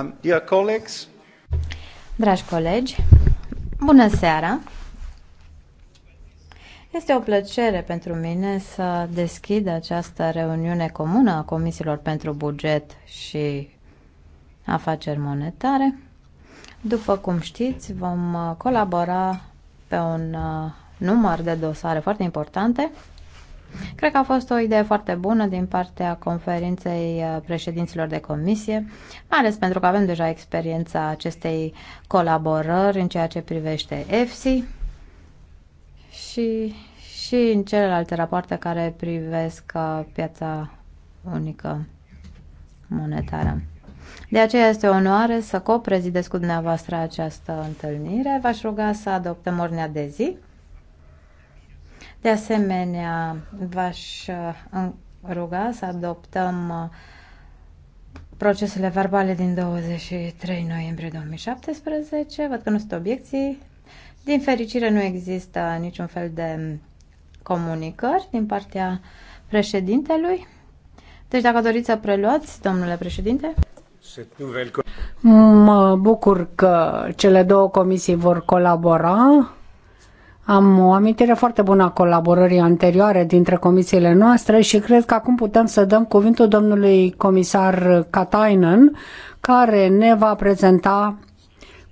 Um, Dragi colegi, bună seara! Este o plăcere pentru mine să deschid această reuniune comună a Comisiilor pentru Buget și Afaceri Monetare. După cum știți, vom colabora pe un uh, număr de dosare foarte importante Cred că a fost o idee foarte bună din partea conferinței uh, președinților de comisie, mai ales pentru că avem deja experiența acestei colaborări în ceea ce privește EFSI și, și în celelalte rapoarte care privesc uh, piața unică monetară. De aceea este o onoare să coprezidesc cu dumneavoastră această întâlnire. V-aș ruga să adoptăm ordinea de zi. De asemenea, v-aș uh, ruga să adoptăm uh, procesele verbale din 23 noiembrie 2017. Văd că nu sunt obiecții. Din fericire nu există niciun fel de comunicări din partea președintelui. Deci dacă doriți să preluați, domnule președinte. Mă bucur că cele două comisii vor colabora am o amintire foarte bună a colaborării anterioare dintre comisiile noastre și cred că acum putem să dăm cuvântul domnului comisar Katainen, care ne va prezenta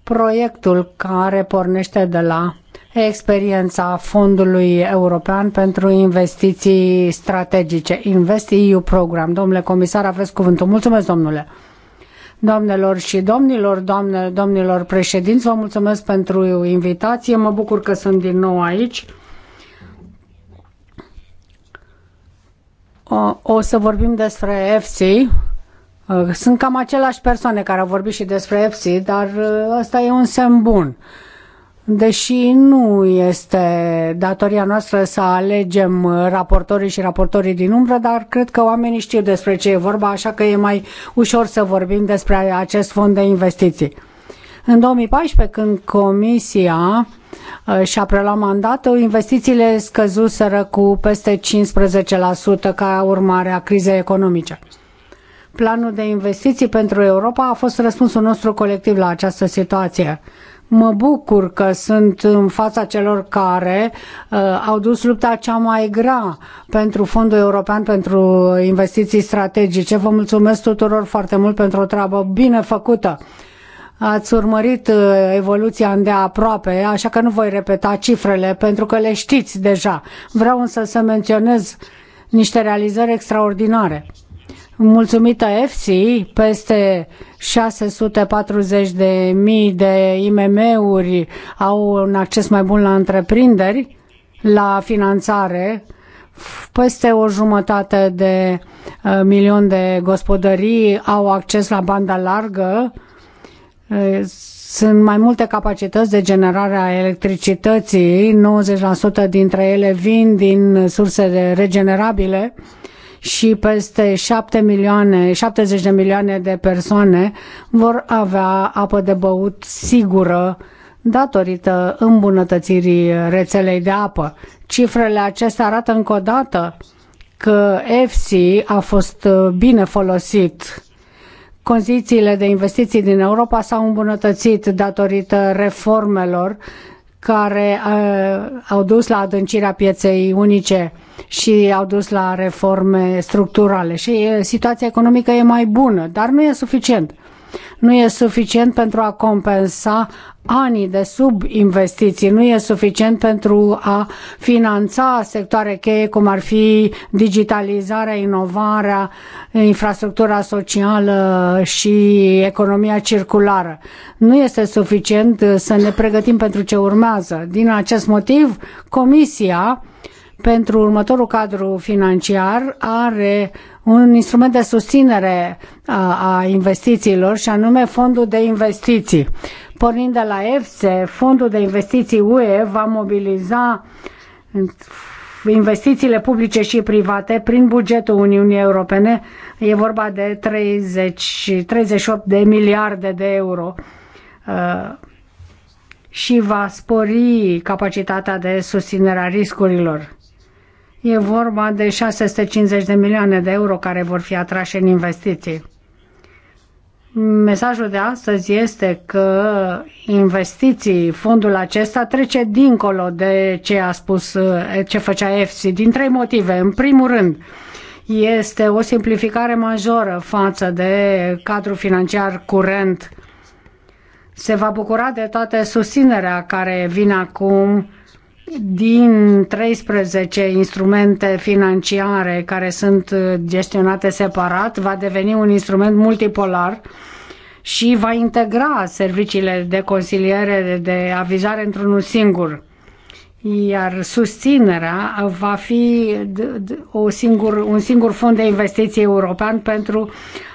proiectul care pornește de la experiența Fondului European pentru Investiții Strategice, InvestEU Program. Domnule comisar, aveți cuvântul. Mulțumesc, domnule. Doamnelor și domnilor, doamne, domnilor președinți, vă mulțumesc pentru invitație. Mă bucur că sunt din nou aici. O, o să vorbim despre FC. Sunt cam aceleași persoane care au vorbit și despre FC, dar ă, ăsta e un semn bun. Deși nu este datoria noastră să alegem raportorii și raportorii din umbră, dar cred că oamenii știu despre ce e vorba, așa că e mai ușor să vorbim despre acest fond de investiții. În 2014, când Comisia uh, și-a preluat mandatul, investițiile scăzuseră cu peste 15% ca urmare a crizei economice. Planul de investiții pentru Europa a fost răspunsul nostru colectiv la această situație Mă bucur că sunt în fața celor care uh, au dus lupta cea mai grea pentru Fondul European pentru Investiții Strategice. Vă mulțumesc tuturor foarte mult pentru o treabă bine făcută. Ați urmărit uh, evoluția îndeaproape, așa că nu voi repeta cifrele pentru că le știți deja. Vreau însă să menționez niște realizări extraordinare Mulțumită EFSI, peste 640.000 de mii de IMM-uri au un acces mai bun la întreprinderi, la finanțare, peste o jumătate de uh, milion de gospodării au acces la banda largă, uh, sunt mai multe capacități de generare a electricității, 90% dintre ele vin din surse regenerabile, și peste 7 milioane, 70 de milioane de persoane vor avea apă de băut sigură datorită îmbunătățirii rețelei de apă. Cifrele acestea arată încă o dată că EFSI a fost bine folosit. Condițiile de investiții din Europa s-au îmbunătățit datorită reformelor care au dus la adâncirea pieței unice și au dus la reforme structurale și situația economică e mai bună, dar nu e suficient nu e suficient pentru a compensa anii de subinvestiții, nu e suficient pentru a finanța sectoare cheie cum ar fi digitalizarea, inovarea, infrastructura socială și economia circulară. Nu este suficient să ne pregătim pentru ce urmează. Din acest motiv, Comisia pentru următorul cadru financiar are un instrument de susținere a, a investițiilor și anume fondul de investiții. Pornind de la EFSE, fondul de investiții UE va mobiliza investițiile publice și private prin bugetul Uniunii Europene. E vorba de 30, 38 de miliarde de euro și va spori capacitatea de susținere a riscurilor. E vorba de 650 de milioane de euro care vor fi atrași în investiții. Mesajul de astăzi este că investiții, fondul acesta trece dincolo de ce a spus, ce făcea EFSI, din trei motive. În primul rând, este o simplificare majoră față de cadrul financiar curent. Se va bucura de toată susținerea care vine acum din 13 instrumente financiare care sunt gestionate separat, va deveni un instrument multipolar și va integra serviciile de consiliere, de avizare într-unul singur iar susținerea va fi o singur, un singur fond de investiții european pentru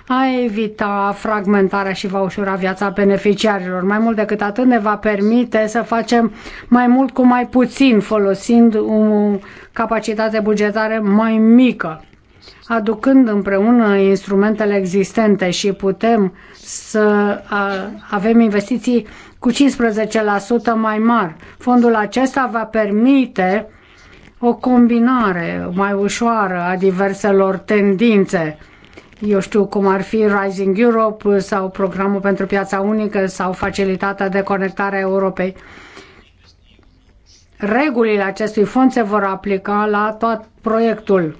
a evita fragmentarea și va ușura viața beneficiarilor. Mai mult decât atât ne va permite să facem mai mult cu mai puțin, folosind o capacitate bugetară mai mică aducând împreună instrumentele existente și putem să avem investiții cu 15% mai mari. Fondul acesta va permite o combinare mai ușoară a diverselor tendințe eu știu cum ar fi Rising Europe sau programul pentru piața unică sau facilitatea de conectare a Europei. Regulile acestui fond se vor aplica la tot proiectul.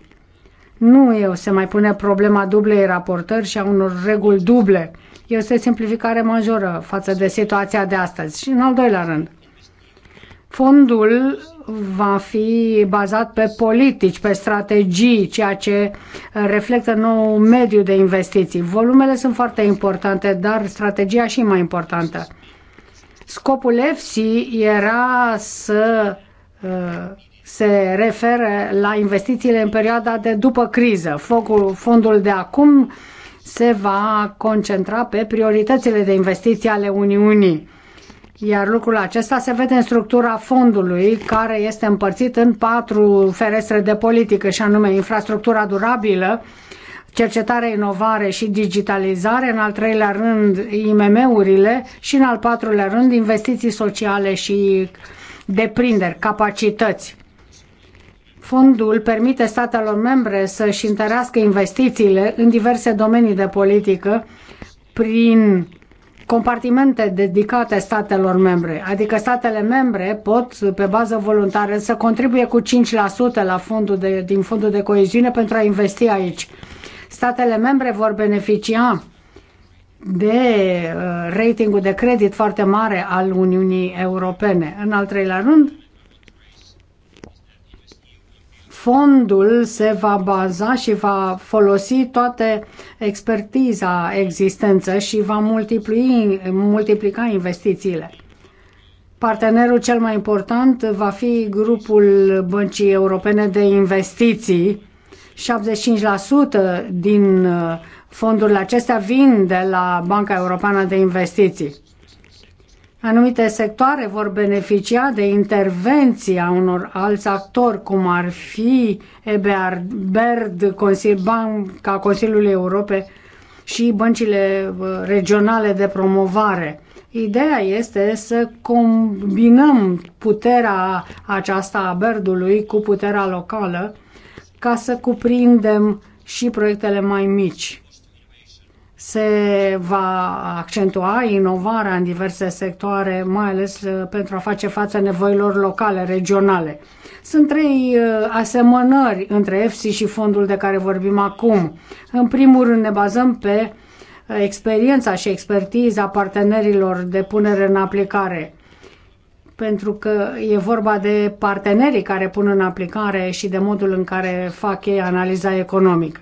Nu eu se mai pune problema dublei raportări și a unor reguli duble. Este o simplificare majoră față de situația de astăzi. Și în al doilea rând, fondul va fi bazat pe politici, pe strategii, ceea ce reflectă nou mediu de investiții. Volumele sunt foarte importante, dar strategia și mai importantă. Scopul EFSI era să uh, se referă la investițiile în perioada de după criză. Focul, fondul de acum se va concentra pe prioritățile de investiții ale Uniunii. Iar lucrul acesta se vede în structura fondului, care este împărțit în patru ferestre de politică, și anume infrastructura durabilă, cercetare, inovare și digitalizare, în al treilea rând IMM-urile și în al patrulea rând investiții sociale și deprinderi, capacități. Fondul permite statelor membre să-și întărească investițiile în diverse domenii de politică prin compartimente dedicate statelor membre, adică statele membre pot, pe bază voluntară, să contribuie cu 5% la fondul de, din fondul de coeziune pentru a investi aici. Statele membre vor beneficia de uh, ratingul de credit foarte mare al Uniunii Europene. În al treilea rând, fondul se va baza și va folosi toate expertiza existență și va multipli, multiplica investițiile. Partenerul cel mai important va fi grupul Băncii Europene de Investiții. 75% din uh, fondurile acestea vin de la Banca Europeană de Investiții. Anumite sectoare vor beneficia de intervenția unor alți actori, cum ar fi Eberd BERD, Consiliul, Banca Consiliului Europe și băncile uh, regionale de promovare. Ideea este să combinăm puterea aceasta a berdului cu puterea locală ca să cuprindem și proiectele mai mici se va accentua inovarea în diverse sectoare, mai ales uh, pentru a face față nevoilor locale, regionale. Sunt trei uh, asemănări între EFSI și fondul de care vorbim acum. În primul rând ne bazăm pe uh, experiența și expertiza partenerilor de punere în aplicare pentru că e vorba de partenerii care pun în aplicare și de modul în care fac ei analiza economică.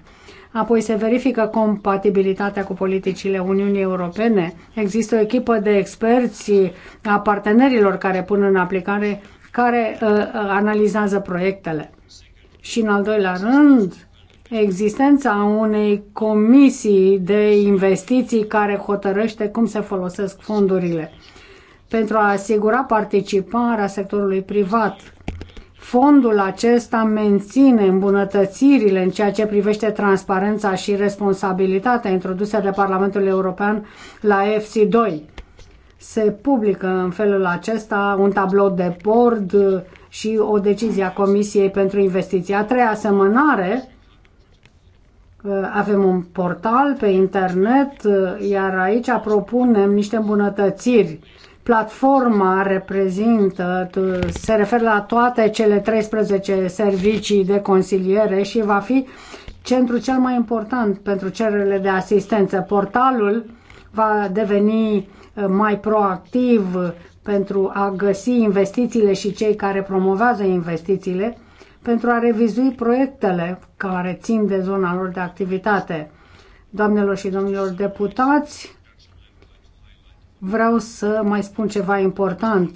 Apoi se verifică compatibilitatea cu politicile Uniunii Europene. Există o echipă de experți a partenerilor care pun în aplicare, care uh, uh, analizează proiectele. Și în al doilea rând, existența unei comisii de investiții care hotărăște cum se folosesc fondurile pentru a asigura participarea sectorului privat Fondul acesta menține îmbunătățirile în ceea ce privește transparența și responsabilitatea introduse de Parlamentul European la FC2. Se publică în felul acesta un tablou de bord și o decizie a Comisiei pentru Investiții. A treia asemănare uh, avem un portal pe internet, uh, iar aici propunem niște îmbunătățiri Platforma reprezintă, se referă la toate cele 13 servicii de consiliere și va fi centrul cel mai important pentru cererile de asistență. Portalul va deveni eh, mai proactiv pentru a găsi investițiile și cei care promovează investițiile, pentru a revizui proiectele care țin de zona lor de activitate. Doamnelor și domnilor deputați, vreau să mai spun ceva important.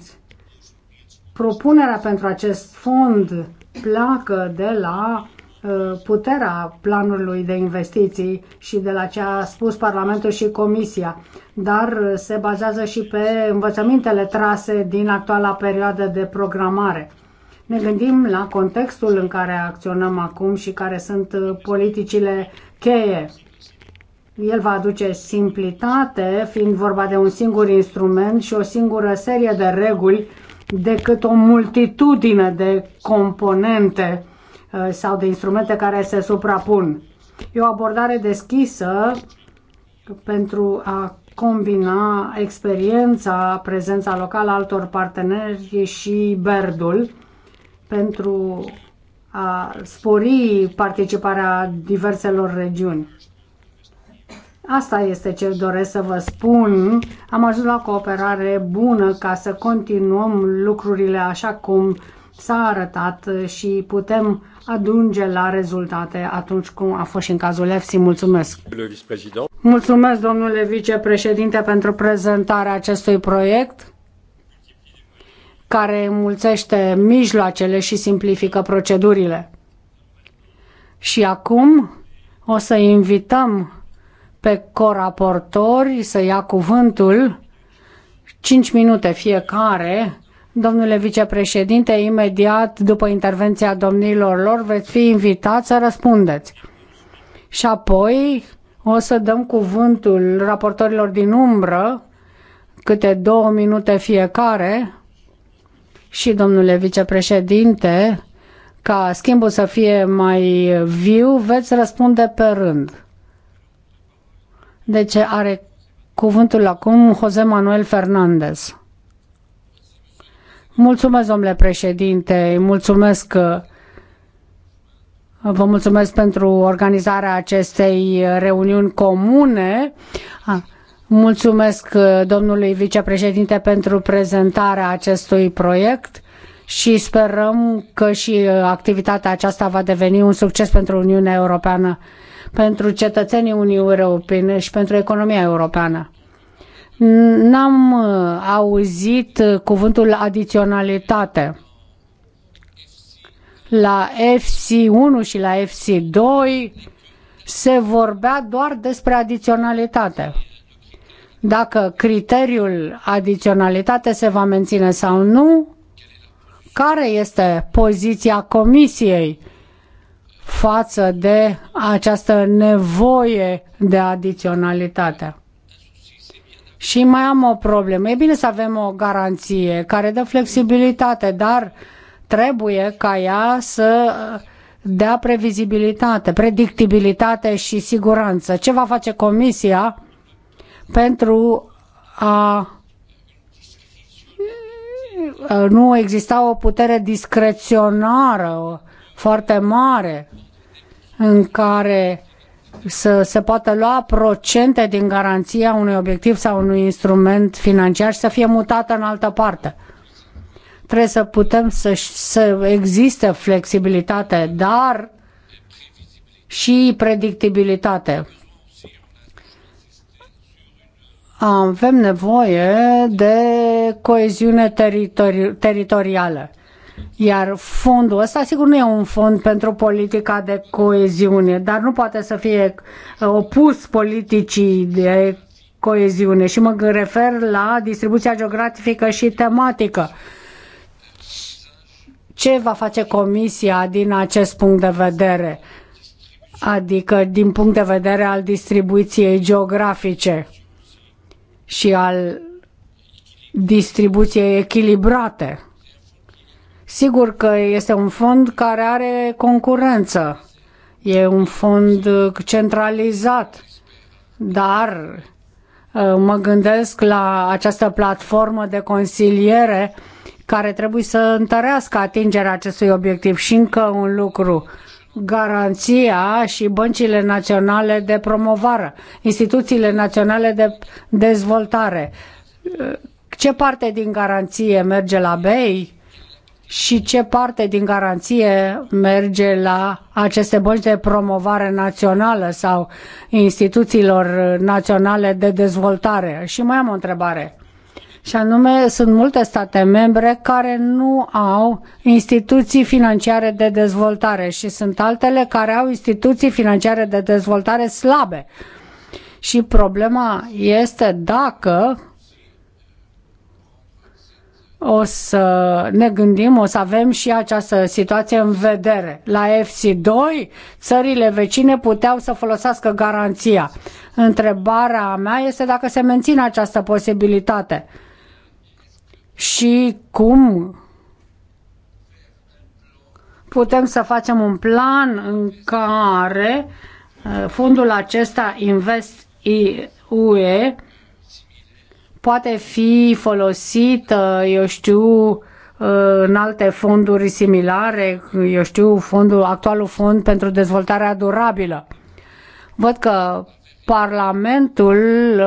Propunerea pentru acest fond pleacă de la uh, puterea planului de investiții și de la ce a spus Parlamentul și Comisia, dar se bazează și pe învățămintele trase din actuala perioadă de programare. Ne gândim la contextul în care acționăm acum și care sunt uh, politicile cheie el va aduce simplitate, fiind vorba de un singur instrument și o singură serie de reguli, decât o multitudine de componente uh, sau de instrumente care se suprapun. E o abordare deschisă pentru a combina experiența, prezența locală a altor parteneri și berdul pentru a spori participarea diverselor regiuni. Asta este ce doresc să vă spun. Am ajuns la cooperare bună ca să continuăm lucrurile așa cum s-a arătat și putem adunge la rezultate atunci cum a fost și în cazul EFSI. Mulțumesc! Mulțumesc, domnule vicepreședinte, pentru prezentarea acestui proiect care mulțește mijloacele și simplifică procedurile. Și acum o să invităm pe coraportori să ia cuvântul, 5 minute fiecare. Domnule vicepreședinte, imediat după intervenția domnilor lor veți fi invitat să răspundeți. Și apoi o să dăm cuvântul raportorilor din umbră, câte două minute fiecare. Și, domnule vicepreședinte, ca schimbul să fie mai viu, veți răspunde pe rând. Deci are cuvântul acum Jose Manuel Fernandez. Mulțumesc, domnule președinte, mulțumesc Vă mulțumesc pentru organizarea acestei reuniuni comune. Mulțumesc domnului vicepreședinte pentru prezentarea acestui proiect și sperăm că și activitatea aceasta va deveni un succes pentru Uniunea Europeană pentru cetățenii Uniunii Europene și pentru economia europeană. N-am uh, auzit uh, cuvântul adiționalitate la FC1 și la FC2 se vorbea doar despre adiționalitate. Dacă criteriul adiționalitate se va menține sau nu, care este poziția Comisiei față de această nevoie de adiționalitate. Și mai am o problemă. E bine să avem o garanție care dă flexibilitate, dar trebuie ca ea să dea previzibilitate, predictibilitate și siguranță. Ce va face Comisia pentru a nu exista o putere discreționară foarte mare în care să se poată lua procente din garanția unui obiectiv sau unui instrument financiar și să fie mutată în altă parte. Trebuie să putem să, să existe flexibilitate, dar și predictibilitate. Avem nevoie de coeziune teritori- teritorială iar fondul ăsta, sigur, nu e un fond pentru politica de coeziune, dar nu poate să fie uh, opus politicii de coeziune. Și mă refer la distribuția geografică și tematică. Ce va face Comisia din acest punct de vedere? Adică din punct de vedere al distribuției geografice și al distribuției echilibrate. Sigur că este un fond care are concurență, e un fond centralizat, dar uh, mă gândesc la această platformă de consiliere care trebuie să întărească atingerea acestui obiectiv și încă un lucru garanția și băncile naționale de promovare, instituțiile naționale de dezvoltare. Uh, ce parte din garanție merge la BEI? și ce parte din garanție merge la aceste bănci de promovare națională sau instituțiilor naționale de dezvoltare. Și mai am o întrebare. Și anume, sunt multe state membre care nu au instituții financiare de dezvoltare și sunt altele care au instituții financiare de dezvoltare slabe. Și problema este dacă o să ne gândim, o să avem și această situație în vedere. La FC2, țările vecine puteau să folosească garanția. Întrebarea mea este dacă se menține această posibilitate și cum putem să facem un plan în care uh, fondul acesta Invest UE poate fi folosită, eu știu, în alte fonduri similare, eu știu, fondul, actualul fond pentru dezvoltarea durabilă. Văd că Parlamentul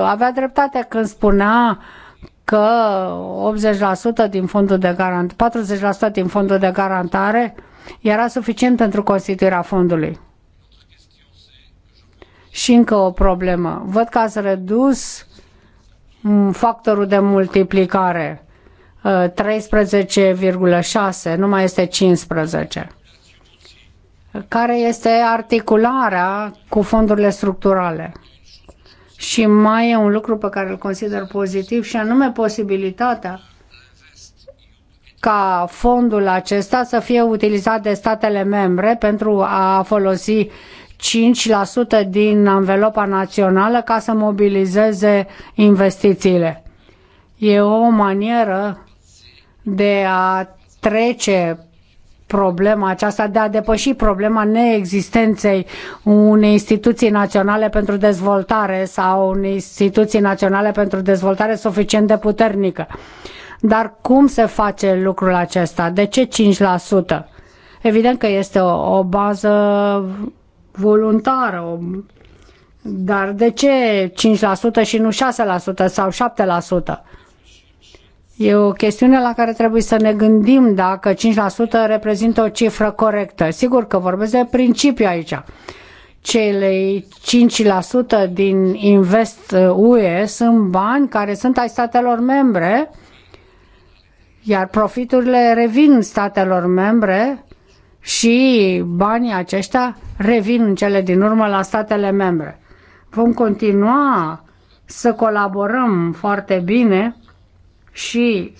avea dreptate când spunea că 80% din fondul de garantare, 40% din fondul de garantare era suficient pentru constituirea fondului. Și încă o problemă. Văd că ați redus factorul de multiplicare. 13,6, ă, nu mai este 15. Care este articularea cu fondurile structurale? Și mai e un lucru pe care îl consider pozitiv și anume posibilitatea ca fondul acesta să fie utilizat de statele membre pentru a folosi 5% din anvelopa națională ca să mobilizeze investițiile. E o manieră de a trece problema aceasta, de a depăși problema neexistenței unei instituții naționale pentru dezvoltare sau unei instituții naționale pentru dezvoltare suficient de puternică. Dar cum se face lucrul acesta? De ce 5%? Evident că este o, o bază voluntară. Dar de ce 5% și nu 6% sau 7%? E o chestiune la care trebuie să ne gândim dacă 5% reprezintă o cifră corectă. Sigur că vorbesc de principiu aici. Cele 5% din Invest UE sunt bani care sunt ai statelor membre, iar profiturile revin statelor membre și banii aceștia revin în cele din urmă la statele membre. Vom continua să colaborăm foarte bine și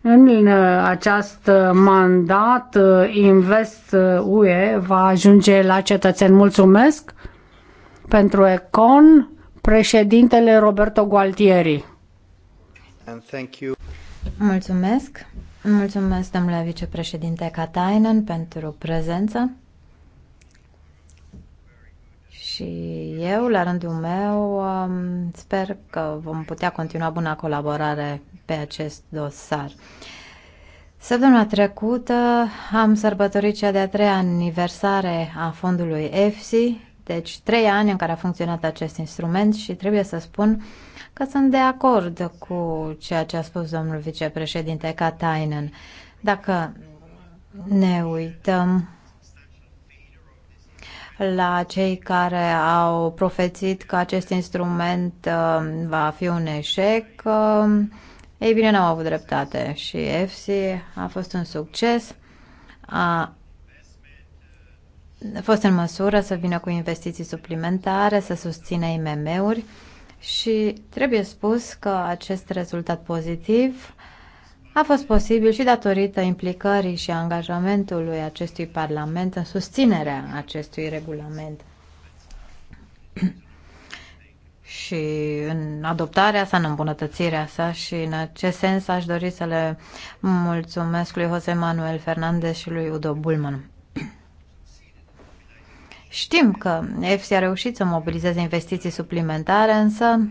în acest mandat uh, Invest UE uh, va ajunge la cetățeni. Mulțumesc pentru Econ, președintele Roberto Gualtieri. Mulțumesc Mulțumesc, domnule vicepreședinte Katainen, pentru prezență. Și eu, la rândul meu, um, sper că vom putea continua buna colaborare pe acest dosar. Săptămâna trecută am sărbătorit cea de-a treia aniversare a fondului EFSI, deci trei ani în care a funcționat acest instrument și trebuie să spun că sunt de acord cu ceea ce a spus domnul vicepreședinte Katainen. Dacă ne uităm la cei care au profețit că acest instrument uh, va fi un eșec, uh, ei bine, n-au avut dreptate și EFSI a fost un succes, a fost în măsură să vină cu investiții suplimentare, să susțină IMM-uri, și trebuie spus că acest rezultat pozitiv a fost posibil și datorită implicării și angajamentului acestui Parlament în susținerea acestui regulament și în adoptarea sa, în îmbunătățirea sa și în acest sens aș dori să le mulțumesc lui Jose Manuel Fernandez și lui Udo Bulman. Știm că EFSI a reușit să mobilizeze investiții suplimentare, însă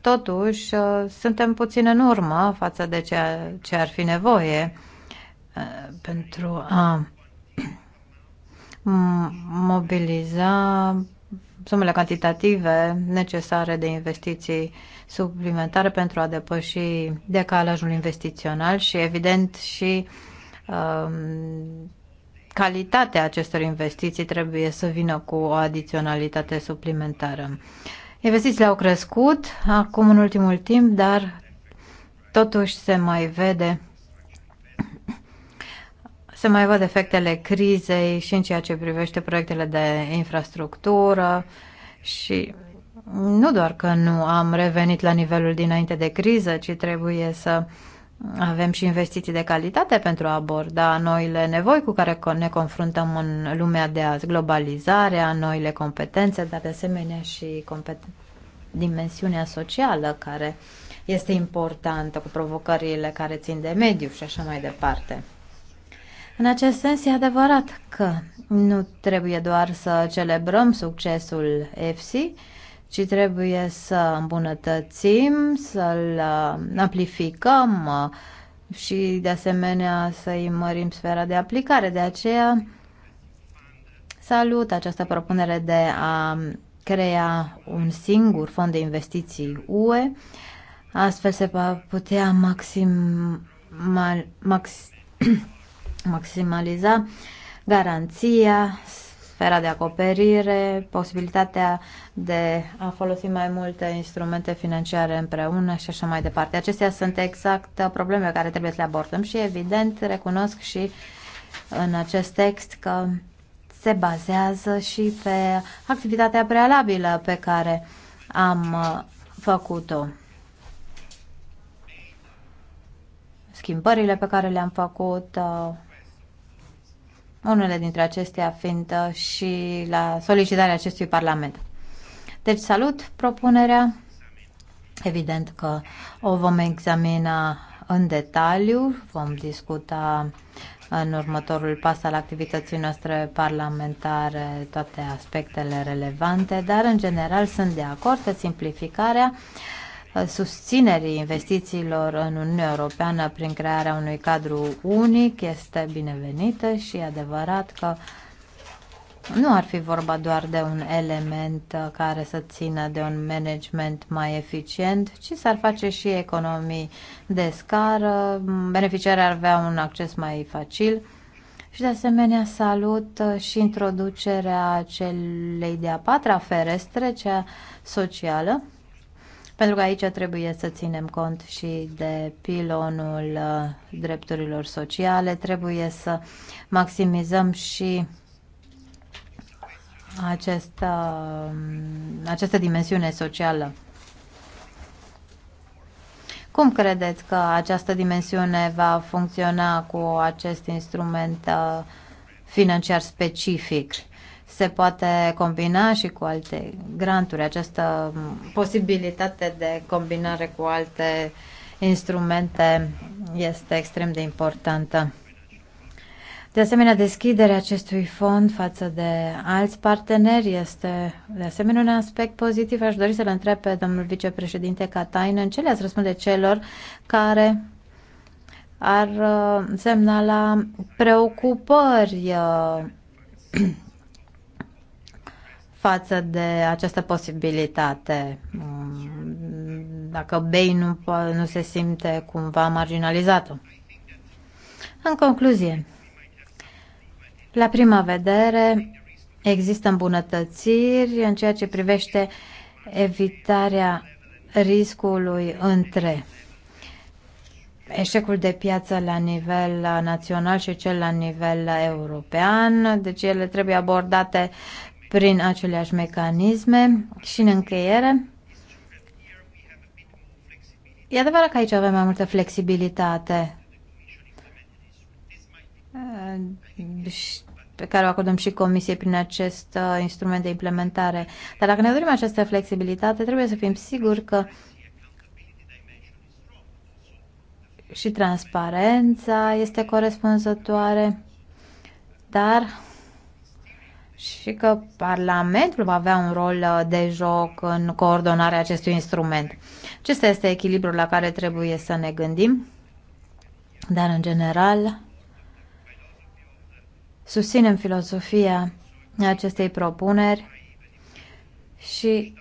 totuși uh, suntem puțin în urmă față de ceea ce ar fi nevoie uh, pentru a mobiliza sumele cantitative necesare de investiții suplimentare pentru a depăși decalajul investițional și evident și uh, calitatea acestor investiții trebuie să vină cu o adiționalitate suplimentară. Investițiile au crescut acum în ultimul timp, dar totuși se mai vede se mai văd efectele crizei și în ceea ce privește proiectele de infrastructură și nu doar că nu am revenit la nivelul dinainte de criză, ci trebuie să uh, avem și investiții de calitate pentru a aborda noile nevoi cu care ne confruntăm în lumea de azi, globalizarea, noile competențe, dar de asemenea și dimensiunea socială care este importantă cu provocările care țin de mediu și așa mai departe. În acest sens, e adevărat că nu trebuie doar să celebrăm succesul EFSI, ci trebuie să îmbunătățim, să-l uh, amplificăm uh, și de asemenea să-i mărim sfera de aplicare. De aceea salut această propunere de a crea un singur fond de investiții UE. Astfel se va putea maximal, max, maximaliza garanția sfera de acoperire, posibilitatea de a folosi mai multe instrumente financiare împreună și așa mai departe. Acestea sunt exact probleme care trebuie să le abordăm și evident recunosc și în acest text că se bazează și pe activitatea prealabilă pe care am uh, făcut-o. Schimbările pe care le-am făcut uh, unele dintre acestea fiind uh, și la solicitarea acestui Parlament. Deci salut propunerea. Evident că o vom examina în detaliu, vom discuta în următorul pas al activității noastre parlamentare toate aspectele relevante, dar în general sunt de acord că simplificarea uh, susținerii investițiilor în Uniunea Europeană prin crearea unui cadru unic este binevenită și e adevărat că nu ar fi vorba doar de un element care să țină de un management mai eficient, ci s-ar face și economii de scară, beneficiarii ar avea un acces mai facil și de asemenea salut și introducerea celei de-a patra ferestre, cea socială, pentru că aici trebuie să ținem cont și de pilonul uh, drepturilor sociale, trebuie să maximizăm și această, uh, această dimensiune socială. Cum credeți că această dimensiune va funcționa cu acest instrument uh, financiar specific? se poate combina și cu alte granturi, această posibilitate de combinare cu alte instrumente este extrem de importantă. De asemenea, deschiderea acestui fond față de alți parteneri este de asemenea un aspect pozitiv. Aș dori să-l întreb pe domnul vicepreședinte în ce le-ați răspunde celor care ar uh, semnala preocupări uh, față de această posibilitate. Mm, dacă bei nu, nu se simte cumva marginalizată. În concluzie, la prima vedere, există îmbunătățiri în ceea ce privește evitarea riscului între eșecul de piață la nivel național și cel la nivel european, deci ele trebuie abordate prin aceleași mecanisme și în încheiere. E adevărat că aici avem mai multă flexibilitate eh, pe care o acordăm și Comisiei prin acest eh, instrument de implementare. Dar dacă ne dorim această flexibilitate, trebuie să fim siguri că și transparența este corespunzătoare, dar și că Parlamentul va avea un rol uh, de joc în coordonarea acestui instrument. Acesta este echilibrul la care trebuie să ne gândim, dar în general susținem filosofia acestei propuneri și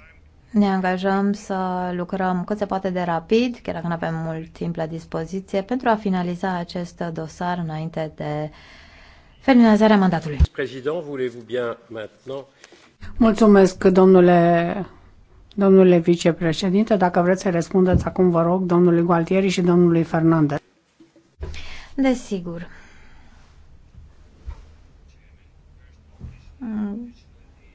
ne angajăm să lucrăm cât se poate de rapid, chiar dacă nu avem mult timp la dispoziție, pentru a finaliza acest dosar înainte de finalizarea mandatului. Mulțumesc, domnule, domnule vicepreședinte. Dacă vreți să răspundeți acum, vă rog, domnului Gualtieri și domnului Fernandez. Desigur.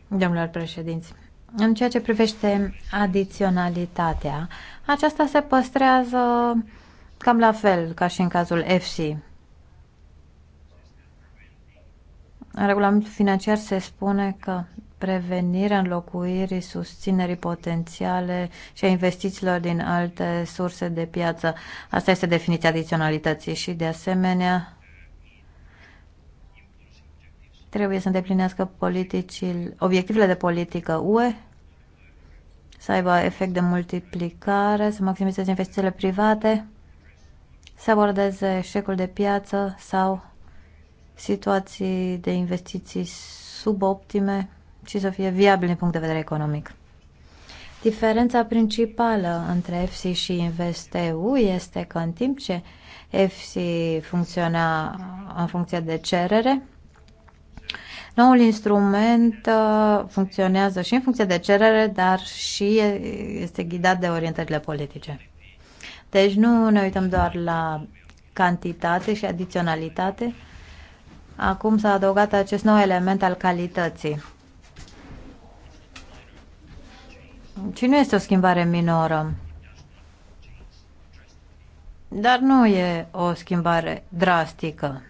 Domnilor președinți, în ceea ce privește adiționalitatea, aceasta se păstrează cam la fel ca și în cazul FC. În regulamentul financiar se spune că prevenirea înlocuirii, susținerii potențiale și a investițiilor din alte surse de piață. Asta este definiția adiționalității și, de asemenea, trebuie să îndeplinească obiectivele de politică UE, să aibă efect de multiplicare, să maximizeze investițiile private, să abordeze eșecul de piață sau situații de investiții suboptime și să fie viabile din punct de vedere economic. Diferența principală între FSI și InvestEU este că în timp ce EFSI funcționa în funcție de cerere, noul instrument uh, funcționează și în funcție de cerere, dar și este ghidat de orientările politice. Deci nu ne uităm doar la cantitate și adiționalitate, Acum s-a adăugat acest nou element al calității. Și nu este o schimbare minoră. Dar nu e o schimbare drastică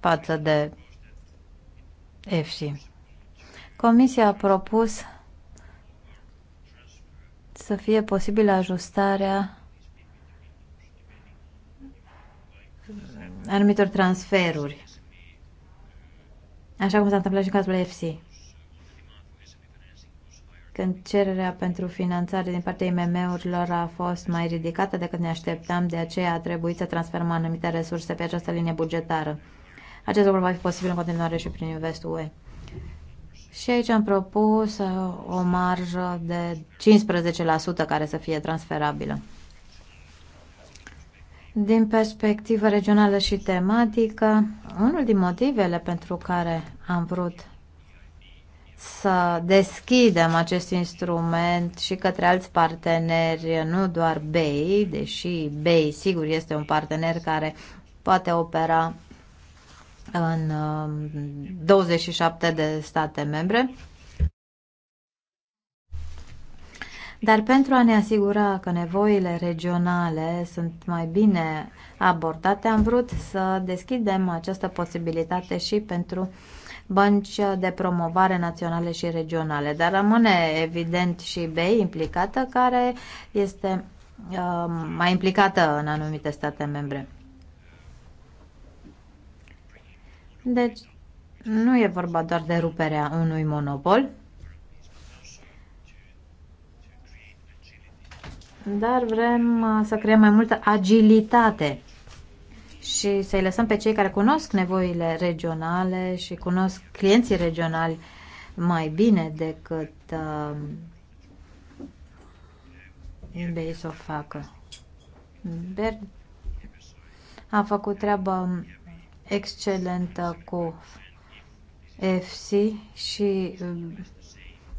față de EFSI. Comisia a propus să fie posibilă ajustarea anumitor transferuri, așa cum s-a întâmplat și în cazul EFSI. Când cererea pentru finanțare din partea IMM-urilor a fost mai ridicată decât ne așteptam, de aceea a trebuit să transferăm anumite resurse pe această linie bugetară. Acest lucru va fi posibil în continuare și prin Invest UE. Și aici am propus uh, o marjă de 15% care să fie transferabilă. Din perspectivă regională și tematică, unul din motivele pentru care am vrut să deschidem acest instrument și către alți parteneri, nu doar BEI, deși BEI sigur este un partener care poate opera în 27 um, de state membre. Dar pentru a ne asigura că nevoile regionale sunt mai bine abordate, am vrut să deschidem această posibilitate și pentru bănci de promovare naționale și regionale. Dar rămâne evident și BEI implicată, care este um, mai implicată în anumite state membre. Deci, nu e vorba doar de ruperea unui monopol, dar vrem uh, să creăm mai multă agilitate și să-i lăsăm pe cei care cunosc nevoile regionale și cunosc clienții regionali mai bine decât uh, ei să o facă. Ber a făcut treabă excelentă cu FC și uh,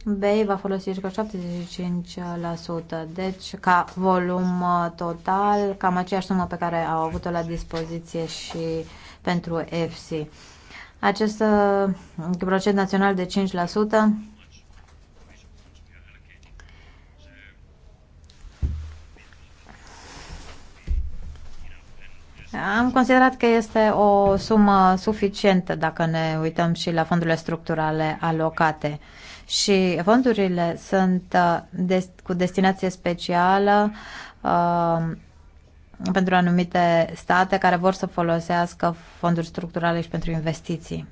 BEI va folosi circa 75%, deci ca volum uh, total, cam aceeași sumă pe care au avut-o la dispoziție și pentru FC. Acest uh, procent național de 5% Am considerat că este o sumă suficientă dacă ne uităm și la fondurile structurale alocate și fondurile sunt uh, des, cu destinație specială uh, pentru anumite state care vor să folosească fonduri structurale și pentru investiții.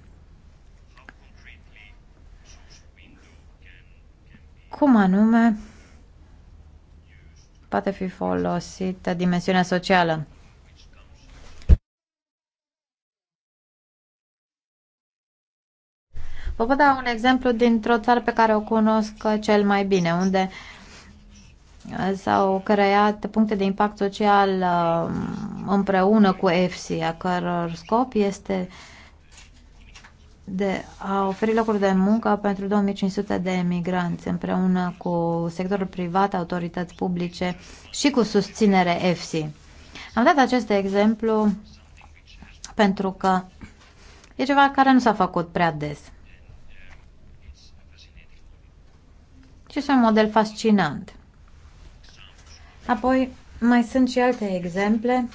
Cum anume poate fi folosită dimensiunea socială? Vă pot da un exemplu dintr-o țară pe care o cunosc cel mai bine, unde s-au creat puncte de impact social um, împreună cu EFSI, a căror scop este de a oferi locuri de muncă pentru 2500 de emigranți împreună cu sectorul privat, autorități publice și cu susținere EFSI. Am dat acest exemplu pentru că e ceva care nu s-a făcut prea des. și este un model fascinant. Apoi mai sunt și alte exemple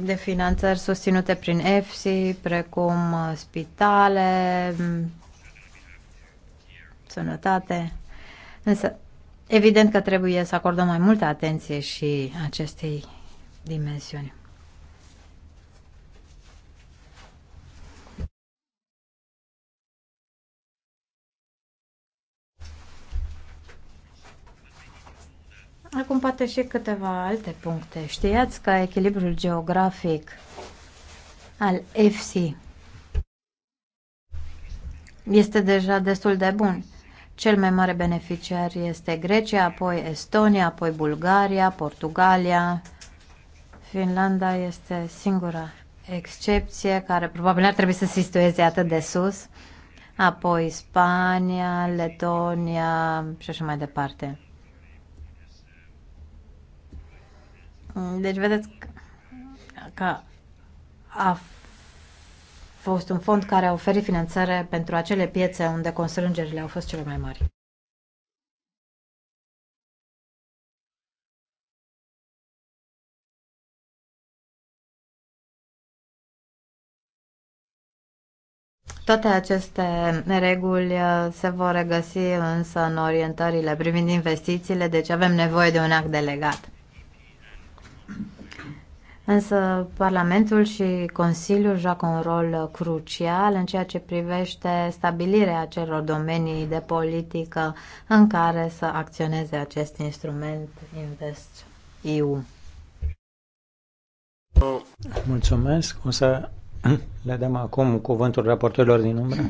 de finanțări susținute prin EFSI, precum uh, spitale, mm, sănătate. Însă, evident că trebuie să acordăm mai multă atenție și acestei dimensiuni. Acum poate și câteva alte puncte. Știați că echilibrul geografic al FC este deja destul de bun. Cel mai mare beneficiar este Grecia, apoi Estonia, apoi Bulgaria, Portugalia. Finlanda este singura excepție care probabil ar trebui să se situeze atât de sus. Apoi Spania, Letonia și așa mai departe. Mm, deci vedeți că a fost un fond care a oferit finanțare pentru acele piețe unde constrângerile au fost cele mai mari. Toate aceste reguli uh, se vor regăsi însă în orientările privind investițiile, deci avem nevoie de un act delegat. Însă Parlamentul și Consiliul joacă un rol crucial în ceea ce privește stabilirea acelor domenii de politică în care să acționeze acest instrument Invest EU. Mulțumesc. O să le dăm acum cuvântul raportorilor din umbră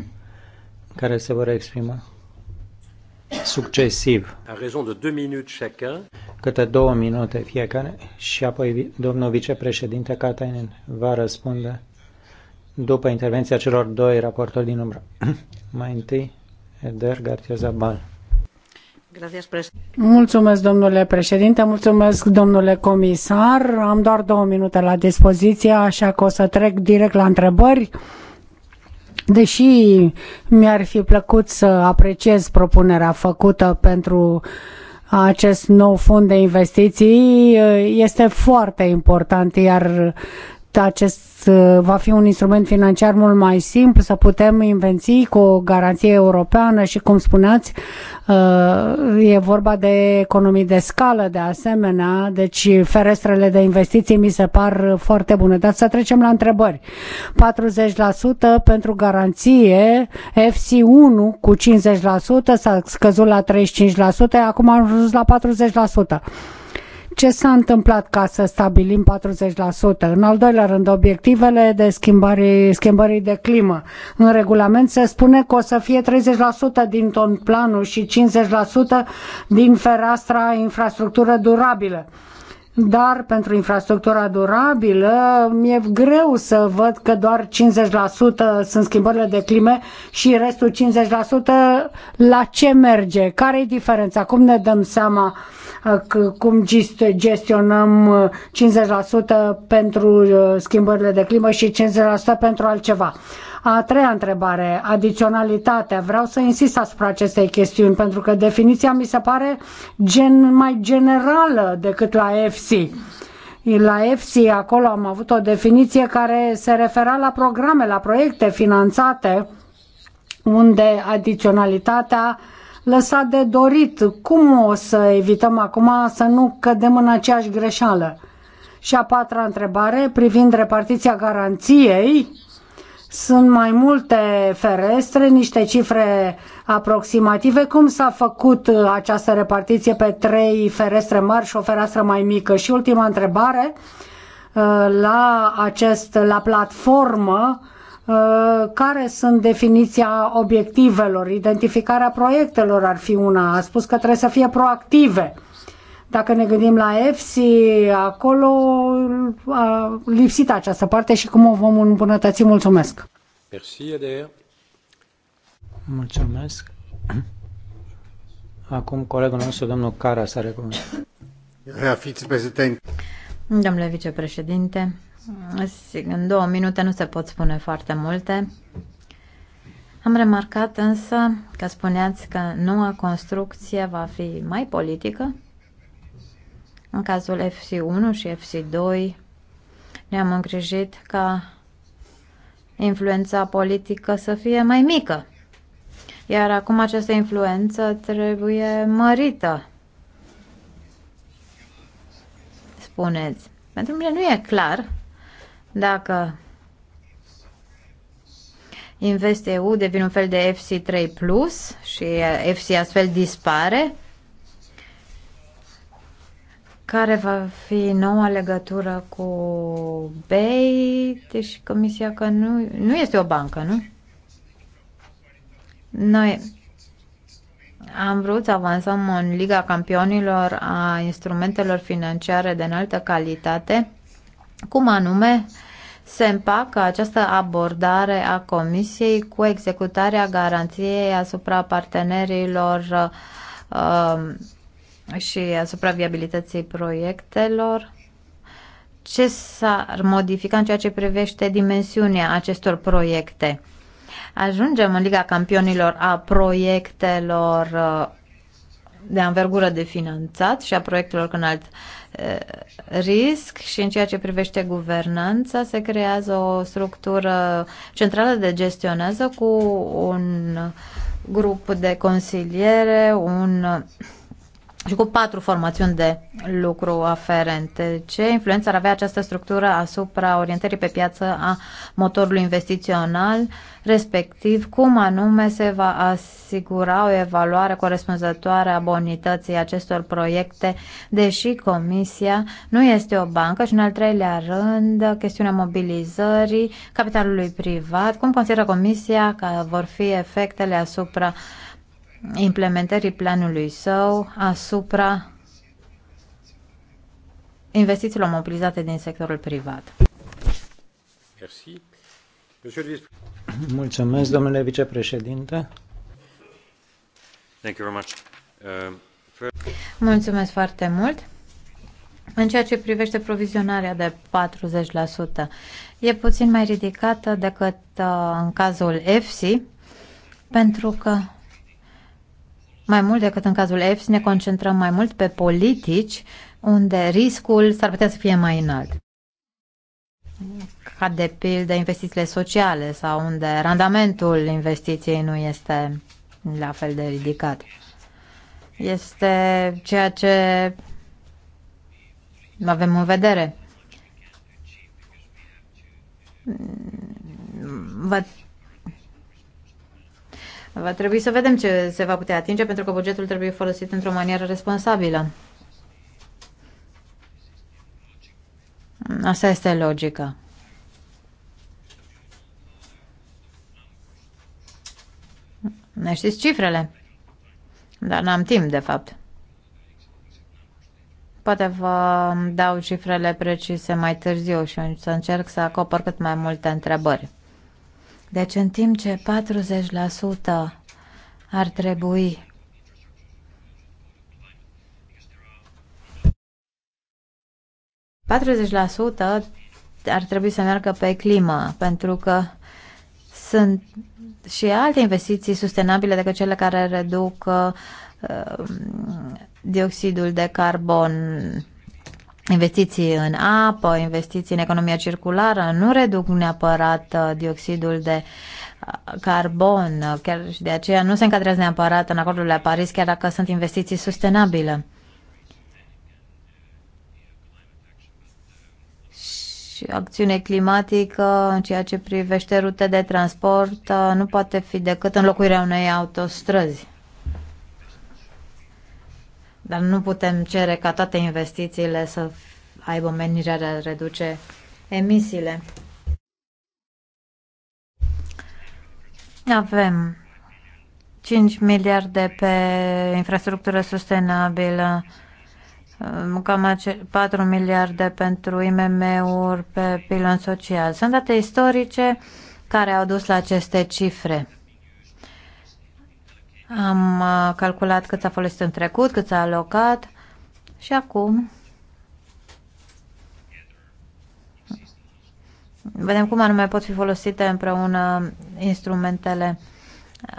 care se vor exprima succesiv câte două minute fiecare și apoi domnul vicepreședinte Katainen va răspunde după intervenția celor doi raportori din umbră. Mai întâi, Eder García Zabal. Mulțumesc, domnule președinte, mulțumesc, domnule comisar. Am doar două minute la dispoziție, așa că o să trec direct la întrebări. Deși mi-ar fi plăcut să apreciez propunerea făcută pentru uh, acest nou fond de investiții este foarte important, iar acest uh, va fi un instrument financiar mult mai simplu, să putem invenți cu o garanție europeană și, cum spuneați, uh, e vorba de economii de scală, de asemenea, deci ferestrele de investiții mi se par foarte bune. Dar să trecem la întrebări. 40% pentru garanție, FC1 cu 50%, s-a scăzut la 35%, acum am ajuns la 40% ce s-a întâmplat ca să stabilim 40%. În al doilea rând, obiectivele de schimbare, schimbării de climă. În regulament se spune că o să fie 30% din ton planul și 50% din fereastra infrastructură durabilă dar pentru infrastructura durabilă mi-e greu să văd că doar 50% sunt schimbările de clime și restul 50% la ce merge? Care e diferența? Cum ne dăm seama uh, cum gestionăm 50% pentru uh, schimbările de climă și 50% pentru altceva. A treia întrebare, adiționalitatea. Vreau să insist asupra acestei chestiuni, pentru că definiția mi se pare gen, mai generală decât la EFSI. La EFSI, acolo am avut o definiție care se refera la programe, la proiecte finanțate, unde adiționalitatea uh, lăsat de dorit. Cum o să evităm acum să nu cădem în aceeași greșeală? Și a patra întrebare, privind repartiția garanției, sunt mai multe ferestre, niște cifre aproximative. Cum s-a făcut această repartiție pe trei ferestre mari și o fereastră mai mică? Și ultima întrebare, la, acest, la platformă, Uh, care sunt definiția obiectivelor, identificarea proiectelor ar fi una. A spus că trebuie să fie proactive. Dacă ne gândim la EFSI, acolo uh, a lipsit această parte și cum o vom îmbunătăți. Mulțumesc! Merci, ADR. Mulțumesc! Acum colegul nostru, domnul Cara, s-a recunoscut. Domnule vicepreședinte, în două minute nu se pot spune foarte multe. Am remarcat însă că spuneați că noua construcție va fi mai politică. În cazul FC1 și FC2 ne-am îngrijit ca influența politică să fie mai mică. Iar acum această influență trebuie mărită, spuneți. Pentru mine nu e clar dacă InvestEU devine un fel de FC3 Plus și FC astfel dispare, care va fi noua legătură cu BEI, deși Comisia că nu, nu este o bancă, nu? Noi am vrut să avansăm în Liga Campionilor a instrumentelor financiare de înaltă calitate cum anume se împacă această abordare a Comisiei cu executarea garanției asupra partenerilor uh, și asupra viabilității proiectelor? Ce s-ar modifica în ceea ce privește dimensiunea acestor proiecte? Ajungem în Liga Campionilor a proiectelor uh, de anvergură de finanțat și a proiectelor cu înalt risc și în ceea ce privește guvernanța se creează o structură centrală de gestionează cu un grup de consiliere, un și cu patru formațiuni de lucru aferente. Ce influență ar avea această structură asupra orientării pe piață a motorului investițional, respectiv cum anume se va asigura o evaluare corespunzătoare a bonității acestor proiecte, deși Comisia nu este o bancă și, în al treilea rând, chestiunea mobilizării capitalului privat. Cum consideră Comisia că vor fi efectele asupra uh, implementării planului său asupra investițiilor mobilizate din sectorul privat. Mulțumesc, domnule vicepreședinte. Thank you very much. Uh, Mulțumesc foarte mult. În ceea ce privește provizionarea de 40%, e puțin mai ridicată decât uh, în cazul EFSI, pentru că mai mult decât în cazul EFS, ne concentrăm mai mult pe politici unde riscul s-ar putea să fie mai înalt ca de pildă investițiile sociale sau unde randamentul investiției nu este la fel de ridicat. Este ceea ce avem în vedere. Vă. Va trebui să vedem ce se va putea atinge, pentru că bugetul trebuie folosit într-o manieră responsabilă. Asta este logica. Ne știți cifrele? Dar n-am timp, de fapt. Poate vă dau cifrele precise mai târziu și să încerc să acopăr cât mai multe întrebări. Deci în timp ce 40% ar trebui ...40% ar trebui să meargă pe climă, pentru că sunt și alte investiții sustenabile decât cele care reduc uh, dioxidul de carbon investiții în apă, investiții în economia circulară nu reduc neapărat uh, dioxidul de uh, carbon, uh, chiar și de aceea nu se încadrează neapărat în acordul la Paris, chiar dacă sunt investiții sustenabile. Și acțiune climatică în ceea ce privește rute de transport nu poate fi decât înlocuirea unei autostrăzi. Dar nu putem cere ca toate investițiile să aibă menirea de a reduce emisiile. Avem 5 miliarde pe infrastructură sustenabilă, um, cam 4 miliarde pentru IMM-uri pe pilon social. Sunt date istorice care au dus la aceste cifre. Am uh, calculat cât s-a folosit în trecut, cât s-a alocat și acum vedem cum anume pot fi folosite împreună instrumentele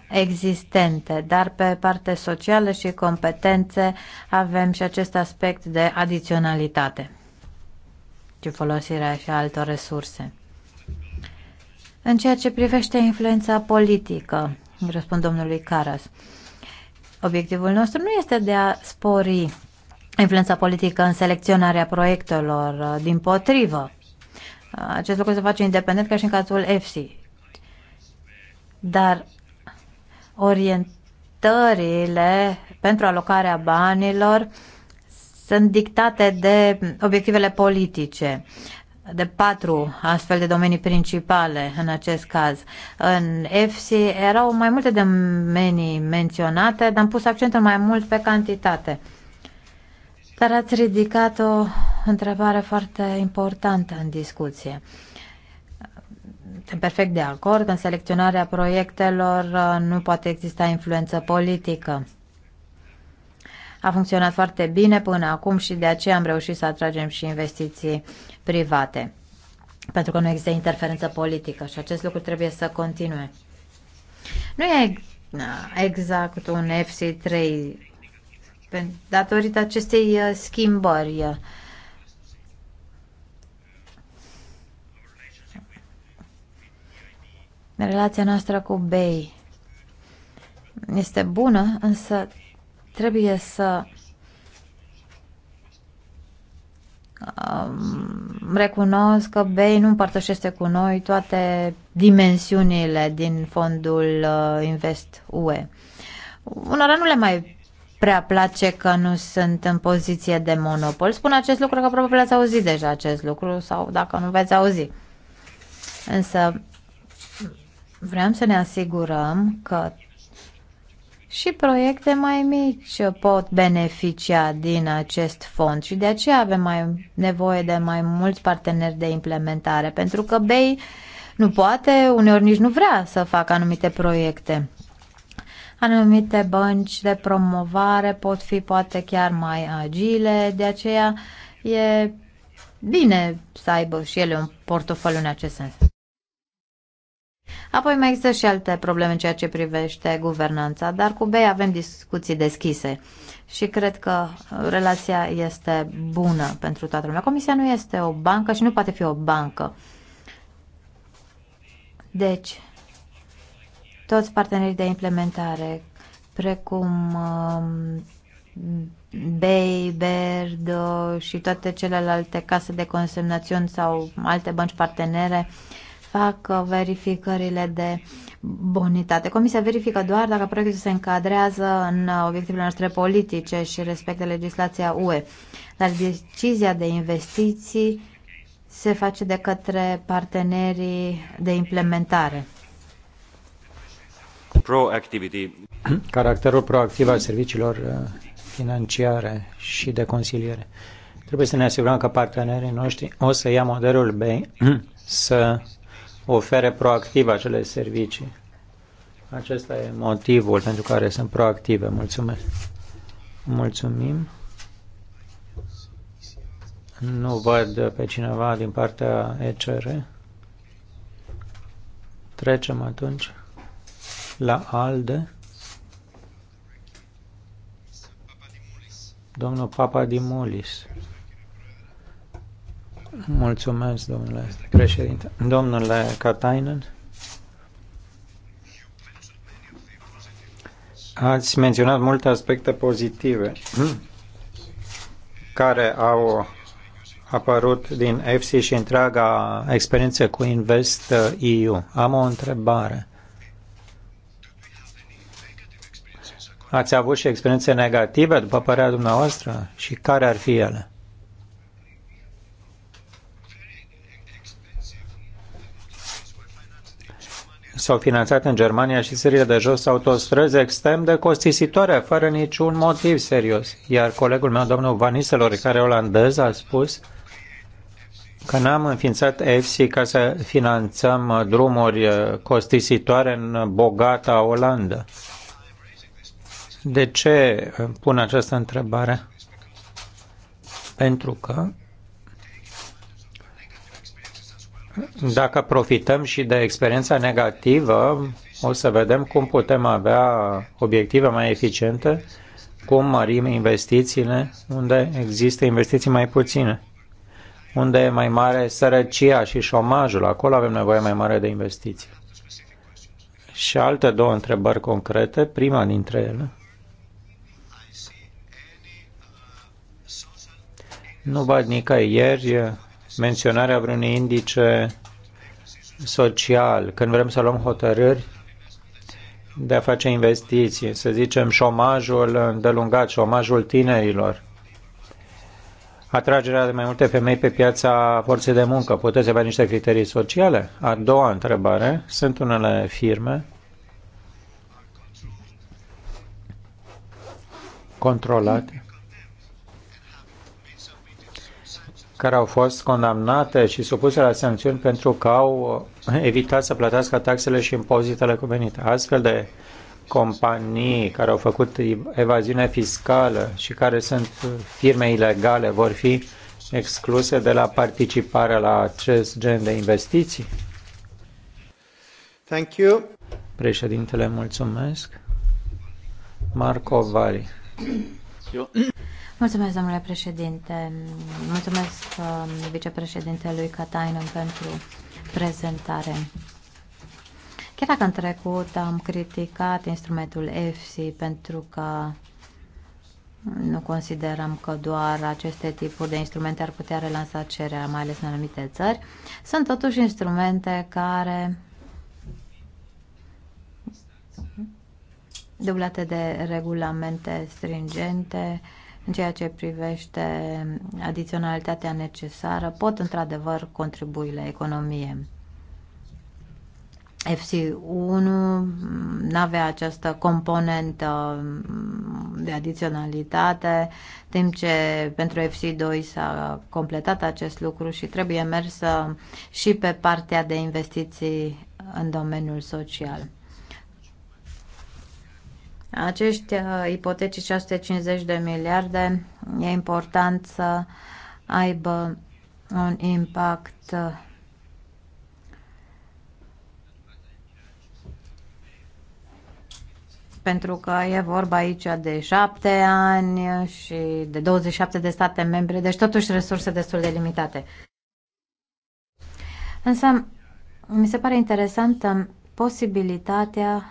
existente, dar pe parte socială și competențe avem și acest aspect de adiționalitate și folosirea și altor resurse. În ceea ce privește influența politică, răspund domnului Caras. Obiectivul nostru nu este de a spori influența politică în selecționarea proiectelor, uh, din potrivă. Uh, acest lucru se face independent ca și în cazul EFSI. Dar orientările pentru alocarea banilor sunt dictate de obiectivele politice de patru astfel de domenii principale în acest caz. În EFSI erau mai multe domenii menționate, dar am pus accentul mai mult pe cantitate. Dar ați ridicat o întrebare foarte importantă în discuție. Sunt perfect de acord că în selecționarea proiectelor uh, nu poate exista influență politică a funcționat foarte bine până acum și de aceea am reușit să atragem și investiții private. Pentru că nu există interferență politică și acest lucru trebuie să continue. Nu e exact un FC3 datorită acestei uh, schimbări. Relația noastră cu Bay este bună, însă Trebuie să um, recunosc că BEI nu împărtășește cu noi toate dimensiunile din fondul uh, Invest UE. Unora nu le mai prea place că nu sunt în poziție de monopol. Spun acest lucru că probabil ați auzit deja acest lucru sau dacă nu veți auzi. Însă vreau să ne asigurăm că și proiecte mai mici pot beneficia din acest fond și de aceea avem mai nevoie de mai mulți parteneri de implementare, pentru că BEI nu poate, uneori nici nu vrea să facă anumite proiecte. Anumite bănci de promovare pot fi poate chiar mai agile, de aceea e bine să aibă și ele un portofoliu în acest sens. Apoi mai există și alte probleme în ceea ce privește guvernanța, dar cu BEI avem discuții deschise și cred că relația este bună pentru toată lumea. Comisia nu este o bancă și nu poate fi o bancă. Deci, toți partenerii de implementare, precum um, Bay, BERD uh, și toate celelalte case de consemnațiuni sau alte bănci partenere fac verificările de bonitate. Comisia verifică doar dacă proiectul se încadrează în obiectivele noastre politice și respectă legislația UE. Dar decizia de investiții se face de către partenerii de implementare. Proactivity. Caracterul proactiv al serviciilor uh, financiare și de consiliere. Trebuie să ne asigurăm că partenerii noștri o să ia modelul B să ofere proactiv acele servicii. Acesta e motivul pentru care sunt proactive. Mulțumesc. Mulțumim. Nu văd pe cineva din partea ECR. Trecem atunci la ALDE. Domnul Papa Dimulis. Mulțumesc, domnule președinte. Domnule Katainen, ați menționat multe aspecte pozitive care au apărut din EFSI și întreaga experiență cu Invest EU. Am o întrebare. Ați avut și experiențe negative, după părerea dumneavoastră? Și care ar fi ele? s-au finanțat în Germania și Siria de jos autostrăzi extrem de costisitoare, fără niciun motiv serios. Iar colegul meu, domnul Vaniselor, care e olandez, a spus că n-am înființat EFSI ca să finanțăm drumuri uh, costisitoare în bogata Olandă. De ce uh, pun această întrebare? Pentru că Dacă profităm și de experiența negativă, o să vedem cum putem avea obiective mai eficiente, cum mărim investițiile, unde există investiții mai puține, unde e mai mare sărăcia și șomajul, acolo avem nevoie mai mare de investiții. Și alte două întrebări concrete, prima dintre ele. Nu văd nicăieri menționarea vreunui indice social, când vrem să luăm hotărâri de a face investiții, să zicem șomajul îndelungat, șomajul tinerilor, atragerea de mai multe femei pe piața forței de muncă. Puteți avea niște criterii sociale? A doua întrebare, sunt unele firme controlate care au fost condamnate și supuse la sancțiuni pentru că au uh, evitat să plătească taxele și impozitele cuvenite. Astfel de companii care au făcut evaziune fiscală și care sunt uh, firme ilegale vor fi excluse de la participarea la acest gen de investiții? Thank you. Președintele, mulțumesc. Marco Vali. Eu. Mulțumesc, domnule președinte. Mulțumesc um, vicepreședintelui Katainen pentru prezentare. Chiar dacă în trecut am criticat instrumentul EFSI pentru că nu considerăm că doar aceste tipuri de instrumente ar putea relansa cererea, mai ales în anumite țări. Sunt totuși instrumente care, dublate de regulamente stringente, în ceea ce privește adiționalitatea necesară, pot într-adevăr contribui la economie. FC1 nu avea această componentă de adiționalitate, timp ce pentru FC2 s-a completat acest lucru și trebuie mersă uh, și pe partea de investiții în domeniul social acești uh, ipoteci 650 de miliarde e important să aibă un impact uh, pentru că e vorba aici de șapte ani și de 27 de state membre, deci totuși resurse destul de limitate. Însă mi se pare interesantă posibilitatea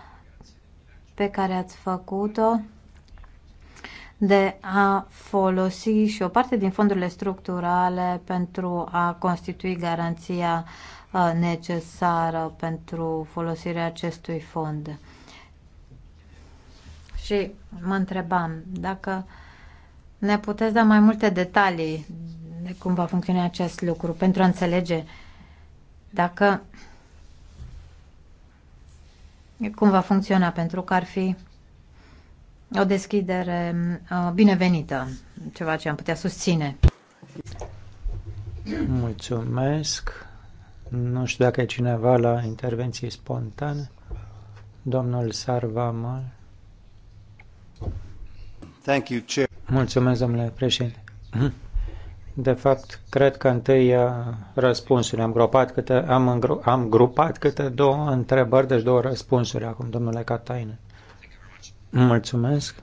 pe care ați făcut-o de a folosi și o parte din fondurile structurale pentru a constitui garanția uh, necesară pentru folosirea acestui fond. Și mă întrebam dacă ne puteți da mai multe detalii de cum va funcționa acest lucru pentru a înțelege dacă cum va funcționa, pentru că ar fi o deschidere uh, binevenită, ceva ce am putea susține. Mulțumesc. Nu știu dacă e cineva la intervenții spontane. Domnul Sarvamal. Thank you, Chair. Mulțumesc, domnule președinte. De fapt, cred că întâi uh, răspunsuri. Am, gropat câte, am, îngru, am grupat câte două întrebări, deci două răspunsuri acum, domnule Cataine. Mulțumesc.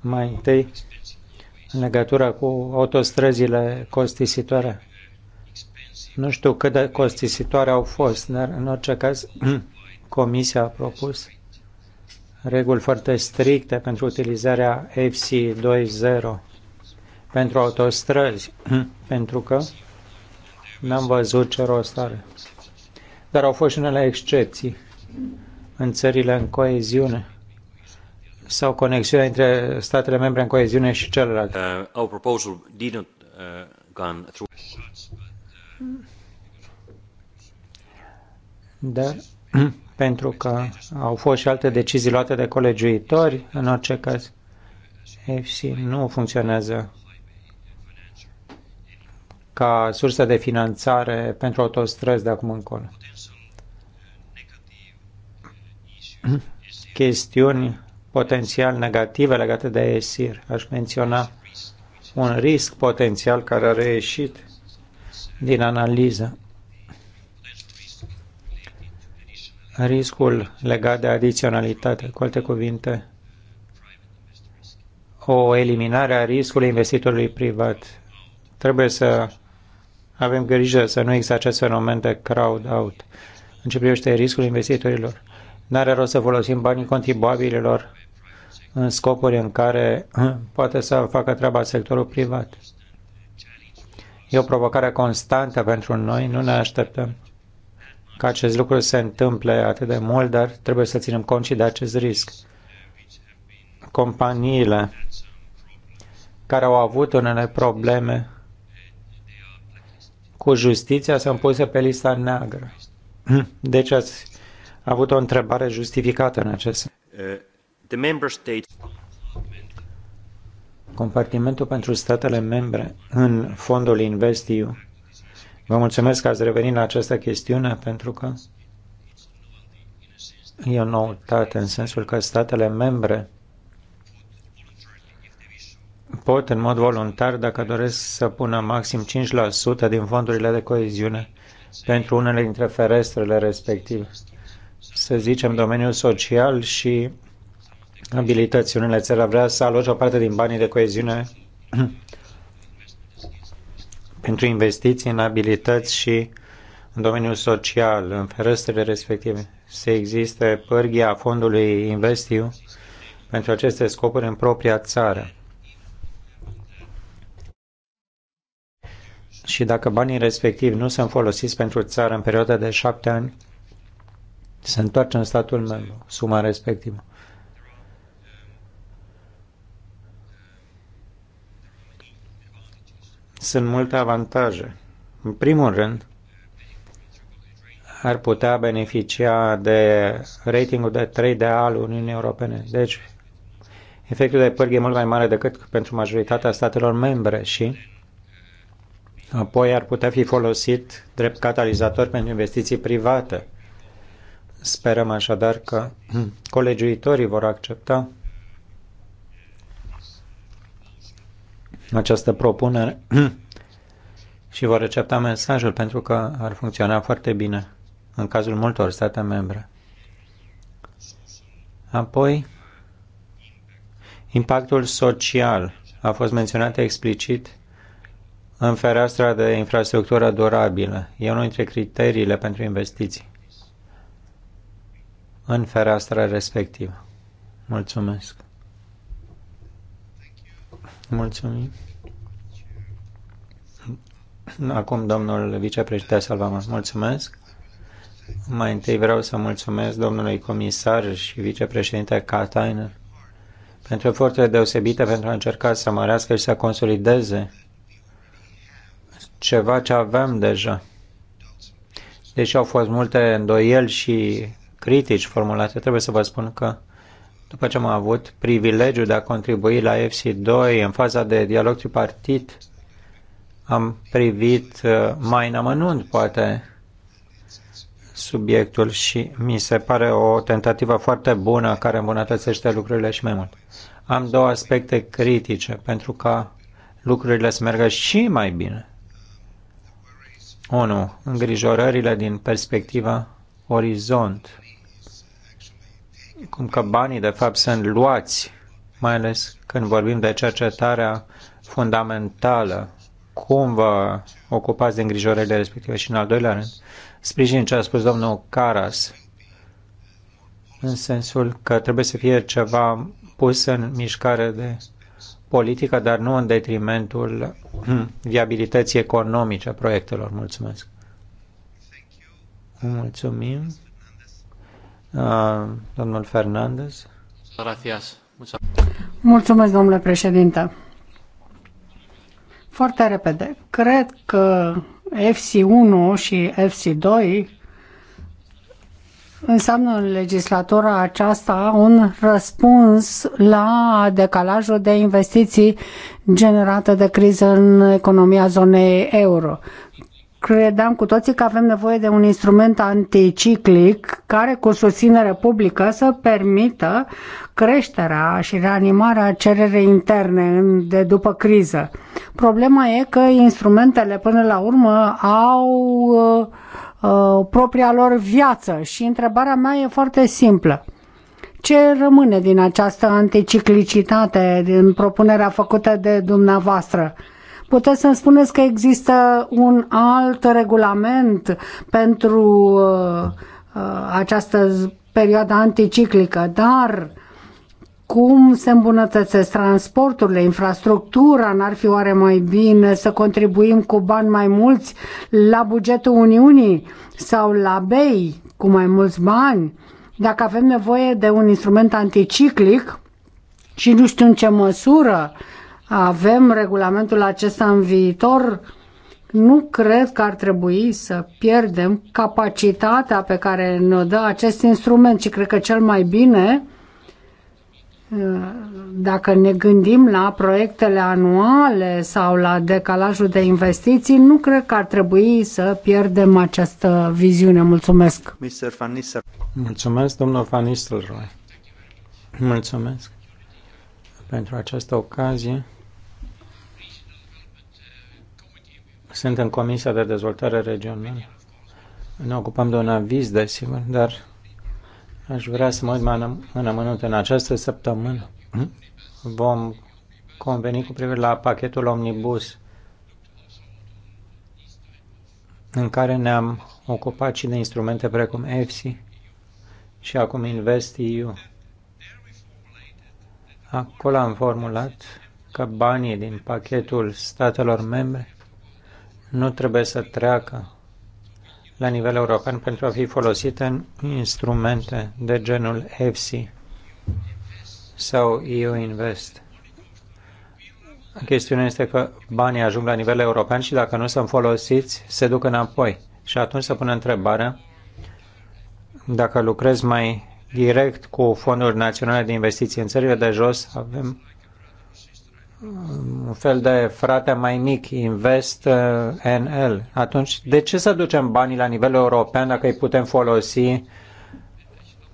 Mai întâi, în legătură cu autostrăzile costisitoare. Nu știu cât de costisitoare au fost, dar în orice caz, comisia a propus reguli foarte stricte pentru utilizarea FC 2.0 pentru autostrăzi, pentru că n-am văzut ce rost are. Dar au fost și unele excepții în țările în coeziune sau conexiunea între statele membre în coeziune și celelalte. Uh, eh, our proposal didn't, uh, eh, gone through. Dar pentru că au fost și alte decizii luate de colegiuitori. În orice caz, FC nu funcționează ca sursă de finanțare pentru autostrăzi de acum încolo. Chestiuni potențial negative legate de ESIR. Aș menționa un risc potențial care a reieșit din analiză riscul legat de adiționalitate. Cu alte cuvinte, o eliminare a riscului investitorului privat. Trebuie să avem grijă să nu există acest fenomen de crowd-out în ce privește riscul investitorilor. Nu are rost să folosim banii contribuabililor în scopuri în care poate să facă treaba sectorul privat. E o provocare constantă pentru noi, nu ne așteptăm ca acest lucru se întâmple atât de mult, dar trebuie să ținem cont și de acest risc. Companiile care au avut unele probleme cu justiția sunt puse pe lista neagră. Deci ați avut o întrebare justificată în acest sens. Uh, Compartimentul pentru statele membre în fondul InvestEU Vă mulțumesc că ați revenit la această chestiune pentru că e o noutate în sensul că statele membre pot în mod voluntar, dacă doresc să pună maxim 5% din fondurile de coeziune pentru unele dintre ferestrele respective. Să zicem domeniul social și abilități. Unele țări vrea să aloce o parte din banii de coeziune pentru investiții în abilități și în domeniul social, în ferestrele respective. Se existe pârghia fondului Investiu pentru aceste scopuri în propria țară. Și dacă banii respectivi nu sunt folosiți pentru țară în perioada de șapte ani, se întoarce în statul membru, suma respectivă. sunt multe avantaje. În primul rând, ar putea beneficia de ratingul de 3DA al Uniunii Europene. Deci, efectul de pârghie e mult mai mare decât pentru majoritatea statelor membre și apoi ar putea fi folosit drept catalizator pentru investiții private. Sperăm așadar că colegiuitorii vor accepta această propunere și vor recepta mesajul pentru că ar funcționa foarte bine în cazul multor state membre. Apoi, impactul social a fost menționat explicit în fereastra de infrastructură durabilă. E unul dintre criteriile pentru investiții în fereastra respectivă. Mulțumesc. Mulțumim. Acum, domnul vicepreședinte Salvama, mulțumesc. Mai întâi vreau să mulțumesc domnului comisar și vicepreședinte Katainer pentru eforturile deosebite pentru a încerca să mărească și să consolideze ceva ce avem deja. Deși au fost multe îndoieli și critici formulate, trebuie să vă spun că după ce am avut privilegiul de a contribui la FC2 în faza de dialog tripartit, am privit uh, mai în amănunt, poate, subiectul și mi se pare o tentativă foarte bună care îmbunătățește lucrurile și mai mult. Am două aspecte critice pentru ca lucrurile să meargă și mai bine. 1. Îngrijorările din perspectiva orizont cum că banii de fapt sunt luați, mai ales când vorbim de cercetarea fundamentală. Cum vă ocupați de îngrijorările respective? Și în al doilea rând, sprijin ce a spus domnul Caras, în sensul că trebuie să fie ceva pus în mișcare de politică, dar nu în detrimentul viabilității economice a proiectelor. Mulțumesc! Mulțumim! Domnul Fernandez. Mulțumesc, domnule președinte. Foarte repede. Cred că FC1 și FC2 înseamnă în legislatura aceasta un răspuns la decalajul de investiții generată de criză în economia zonei euro credeam cu toții că avem nevoie de un instrument anticiclic care cu susținere publică să permită creșterea și reanimarea cererei interne de după criză. Problema e că instrumentele până la urmă au uh, uh, propria lor viață și întrebarea mea e foarte simplă. Ce rămâne din această anticiclicitate din propunerea făcută de dumneavoastră? Puteți să-mi spuneți că există un alt regulament pentru uh, uh această perioadă anticiclică, dar cum se îmbunătățesc transporturile, infrastructura, n-ar fi oare mai bine să contribuim cu bani mai mulți la bugetul Uniunii sau la BEI cu mai mulți bani? Dacă avem nevoie de un instrument anticiclic și nu știu în ce măsură, uh, avem regulamentul acesta în viitor, nu cred că ar trebui să pierdem capacitatea pe care ne-o dă acest instrument, ci cred că cel mai bine, dacă ne gândim la proiectele anuale sau la decalajul de investiții, nu cred că ar trebui să pierdem această viziune. Mulțumesc! Mulțumesc, domnul Van Mulțumesc pentru această ocazie Sunt în Comisia de Dezvoltare Regională. Ne ocupăm de un aviz, desigur, dar aș vrea să mă uit mai în amănunt. În această săptămână vom conveni cu privire la pachetul Omnibus în care ne-am ocupat și de instrumente precum EFSI și acum InvestEU. Acolo am formulat că banii din pachetul statelor membre nu trebuie să treacă la nivel european pentru a fi folosite în instrumente de genul EFSI sau EU Invest. Chestiunea este că banii ajung la nivel european și dacă nu sunt folosiți, se duc înapoi. Și atunci se pune întrebarea dacă lucrez mai direct cu fonduri naționale de investiții în țările de jos, avem un fel de frate mai mic, Invest eh, NL. Atunci, de ce să ducem banii la nivel european dacă îi putem folosi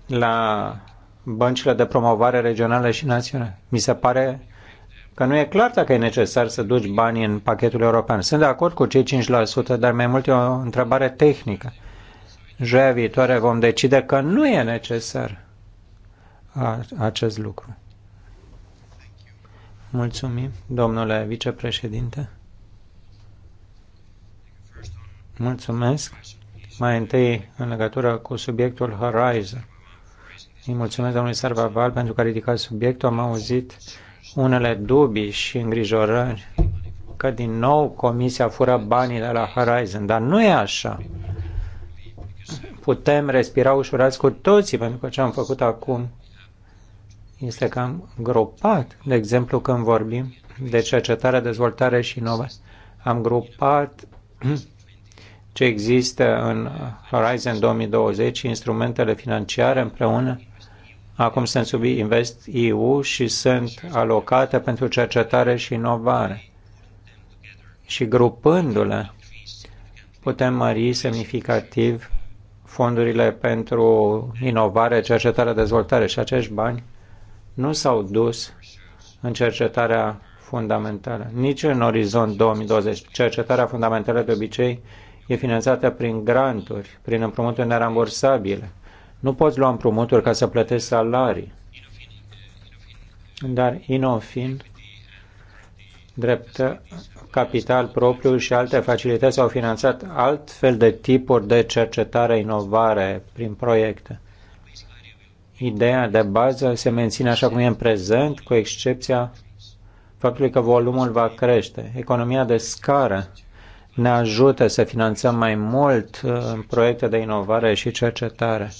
la băncile de promovare regională și națională? Mi se pare că nu e clar dacă e necesar să duci banii în pachetul european. Sunt de acord cu cei 5%, dar mai mult e o întrebare tehnică. Joia viitoare vom decide că nu e necesar acest lucru. Mulțumim, domnule vicepreședinte. Mulțumesc. Mai întâi, în legătură cu subiectul Horizon. Îi mulțumesc domnului Sarvaval pentru că a ridicat subiectul. Am auzit unele dubii și îngrijorări că din nou Comisia fură banii de la Horizon, dar nu e așa. Putem respira ușurați cu toții, pentru că ce am făcut acum este cam grupat, de exemplu, când vorbim de cercetare, dezvoltare și inovare. Am grupat ce există în Horizon 2020 instrumentele financiare împreună. Acum sunt sub Invest EU și sunt alocate pentru cercetare și inovare. Și grupându-le, putem mări semnificativ fondurile pentru inovare, cercetare, dezvoltare și acești bani nu s-au dus în cercetarea fundamentală, nici în orizont 2020. Cercetarea fundamentală de obicei e finanțată prin granturi, prin împrumuturi nerambursabile. Nu poți lua împrumuturi ca să plătești salarii. Dar Inofin, drept capital propriu și alte facilități au finanțat alt fel de tipuri de cercetare, inovare prin proiecte. Ideea de bază se menține așa cum e în prezent, cu excepția faptului că volumul va crește. Economia de scară ne ajută să finanțăm mai mult în uh, proiecte de inovare și cercetare.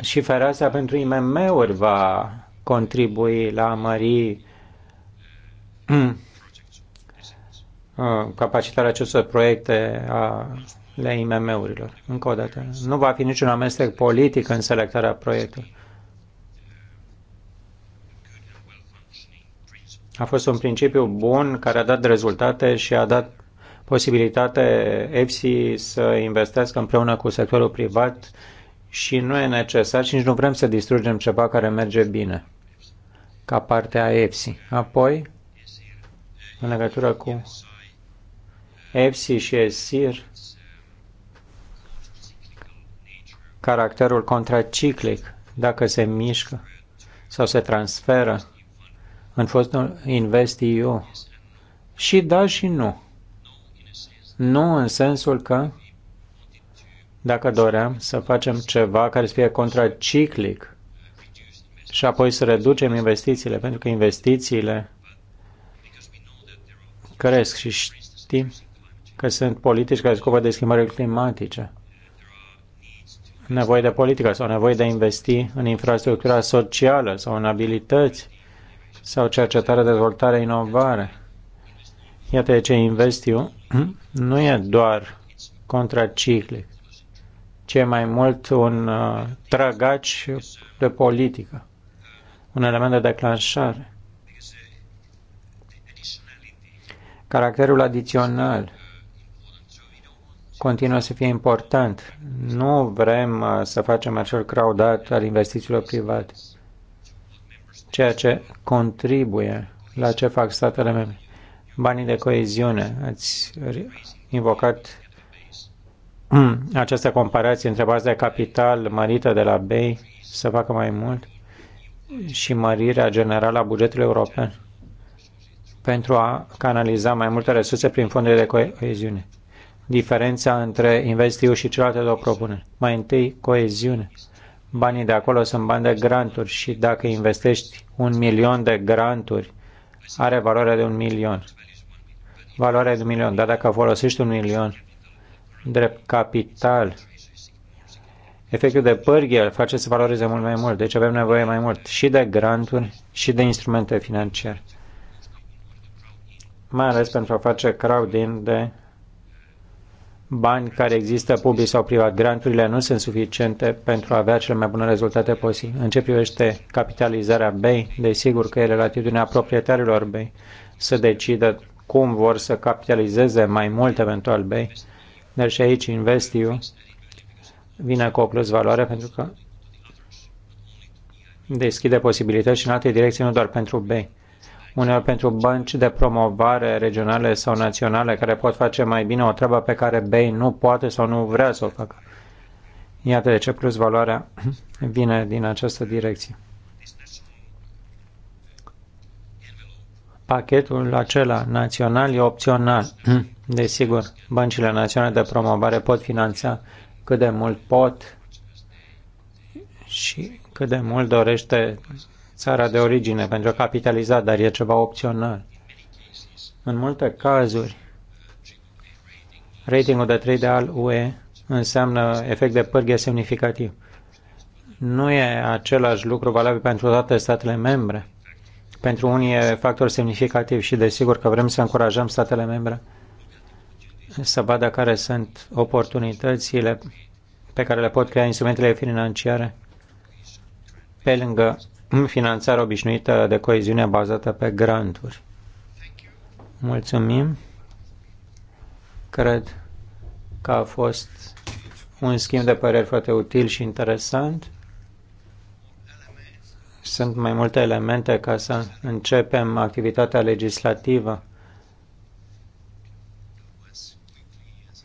Și fereastra pentru IMM-uri va contribui la a mări uh, capacitatea acestor proiecte a ale IMM-urilor. Încă o dată, nu va fi niciun amestec politic în selectarea proiectului. A fost un principiu bun care a dat rezultate și a dat posibilitate EFSI să investească împreună cu sectorul privat și nu e necesar și nici nu vrem să distrugem ceva care merge bine ca parte a EFSI. Apoi, în legătură cu EFSI și ESIR, caracterul contraciclic dacă se mișcă sau se transferă în fostul InvestEU. Și da și nu. Nu în sensul că dacă doream să facem ceva care să fie contraciclic și apoi să reducem investițiile, pentru că investițiile cresc și știm că sunt politici care scopă de schimbările climatice nevoie de politică sau nevoie de a investi în infrastructura socială sau în abilități sau cercetare, dezvoltare, inovare. Iată de ce investiu nu e doar contraciclic, ci e mai mult un uh, trăgaci de politică, un element de declanșare. Caracterul adițional continuă să fie important. Nu vrem uh, să facem acel crowdat al investițiilor private, ceea ce contribuie la ce fac statele membre. Banii de coeziune, ați invocat hmm, această comparație între baza de capital mărită de la BEI să facă mai mult și mărirea generală a bugetului european pentru a canaliza mai multe resurse prin fondurile de coeziune diferența între investiu și celelalte două propuneri. Mai întâi, coeziune. Banii de acolo sunt bani de granturi și dacă investești un milion de granturi, are valoare de un milion. Valoare de un milion, dar dacă folosești un milion drept capital, efectul de pârghie îl face să valoreze mult mai mult. Deci avem nevoie mai mult și de granturi și de instrumente financiare. Mai ales pentru a face crowding de bani care există public sau privat. Granturile nu sunt suficiente pentru a avea cele mai bune rezultate posibile. În ce privește capitalizarea BEI, desigur că e la proprietarilor BEI să decidă cum vor să capitalizeze mai mult eventual BEI. Dar și aici investiu vine cu o plus valoare pentru că deschide posibilități și în alte direcții, nu doar pentru BEI uneori pentru bănci de promovare regionale sau naționale care pot face mai bine o treabă pe care Bain nu poate sau nu vrea să o facă. Iată de ce plus valoarea vine din această direcție. Pachetul acela național e opțional. Desigur, băncile naționale de promovare pot finanța cât de mult pot și cât de mult dorește țara de origine pentru a capitaliza, dar e ceva opțional. În multe cazuri, ratingul de 3 de al UE înseamnă efect de pârghie semnificativ. Nu e același lucru valabil pentru toate statele membre. Pentru unii e factor semnificativ și desigur că vrem să încurajăm statele membre să vadă care sunt oportunitățile pe care le pot crea instrumentele financiare pe lângă în finanțare obișnuită de coeziune bazată pe granturi. Mulțumim. Cred că a fost un schimb de păreri foarte util și interesant. Sunt mai multe elemente ca să începem activitatea legislativă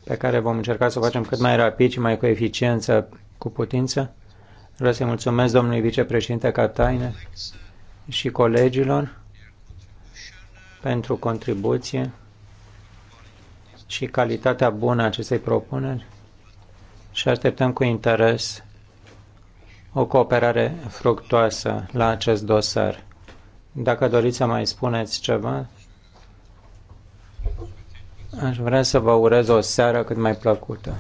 pe care vom încerca să o facem cât mai rapid și mai cu eficiență, cu putință. Vreau să-i mulțumesc domnului vicepreședinte Cataine și colegilor pentru contribuție și calitatea bună a acestei propuneri și așteptăm cu interes o cooperare fructoasă la acest dosar. Dacă doriți să mai spuneți ceva, aș vrea să vă urez o seară cât mai plăcută.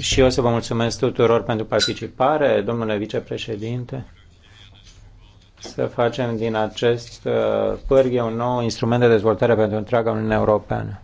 Și eu să vă mulțumesc tuturor pentru participare, domnule vicepreședinte. Să facem din acest uh, pârghie un nou instrument de dezvoltare pentru întreaga Uniune Europeană.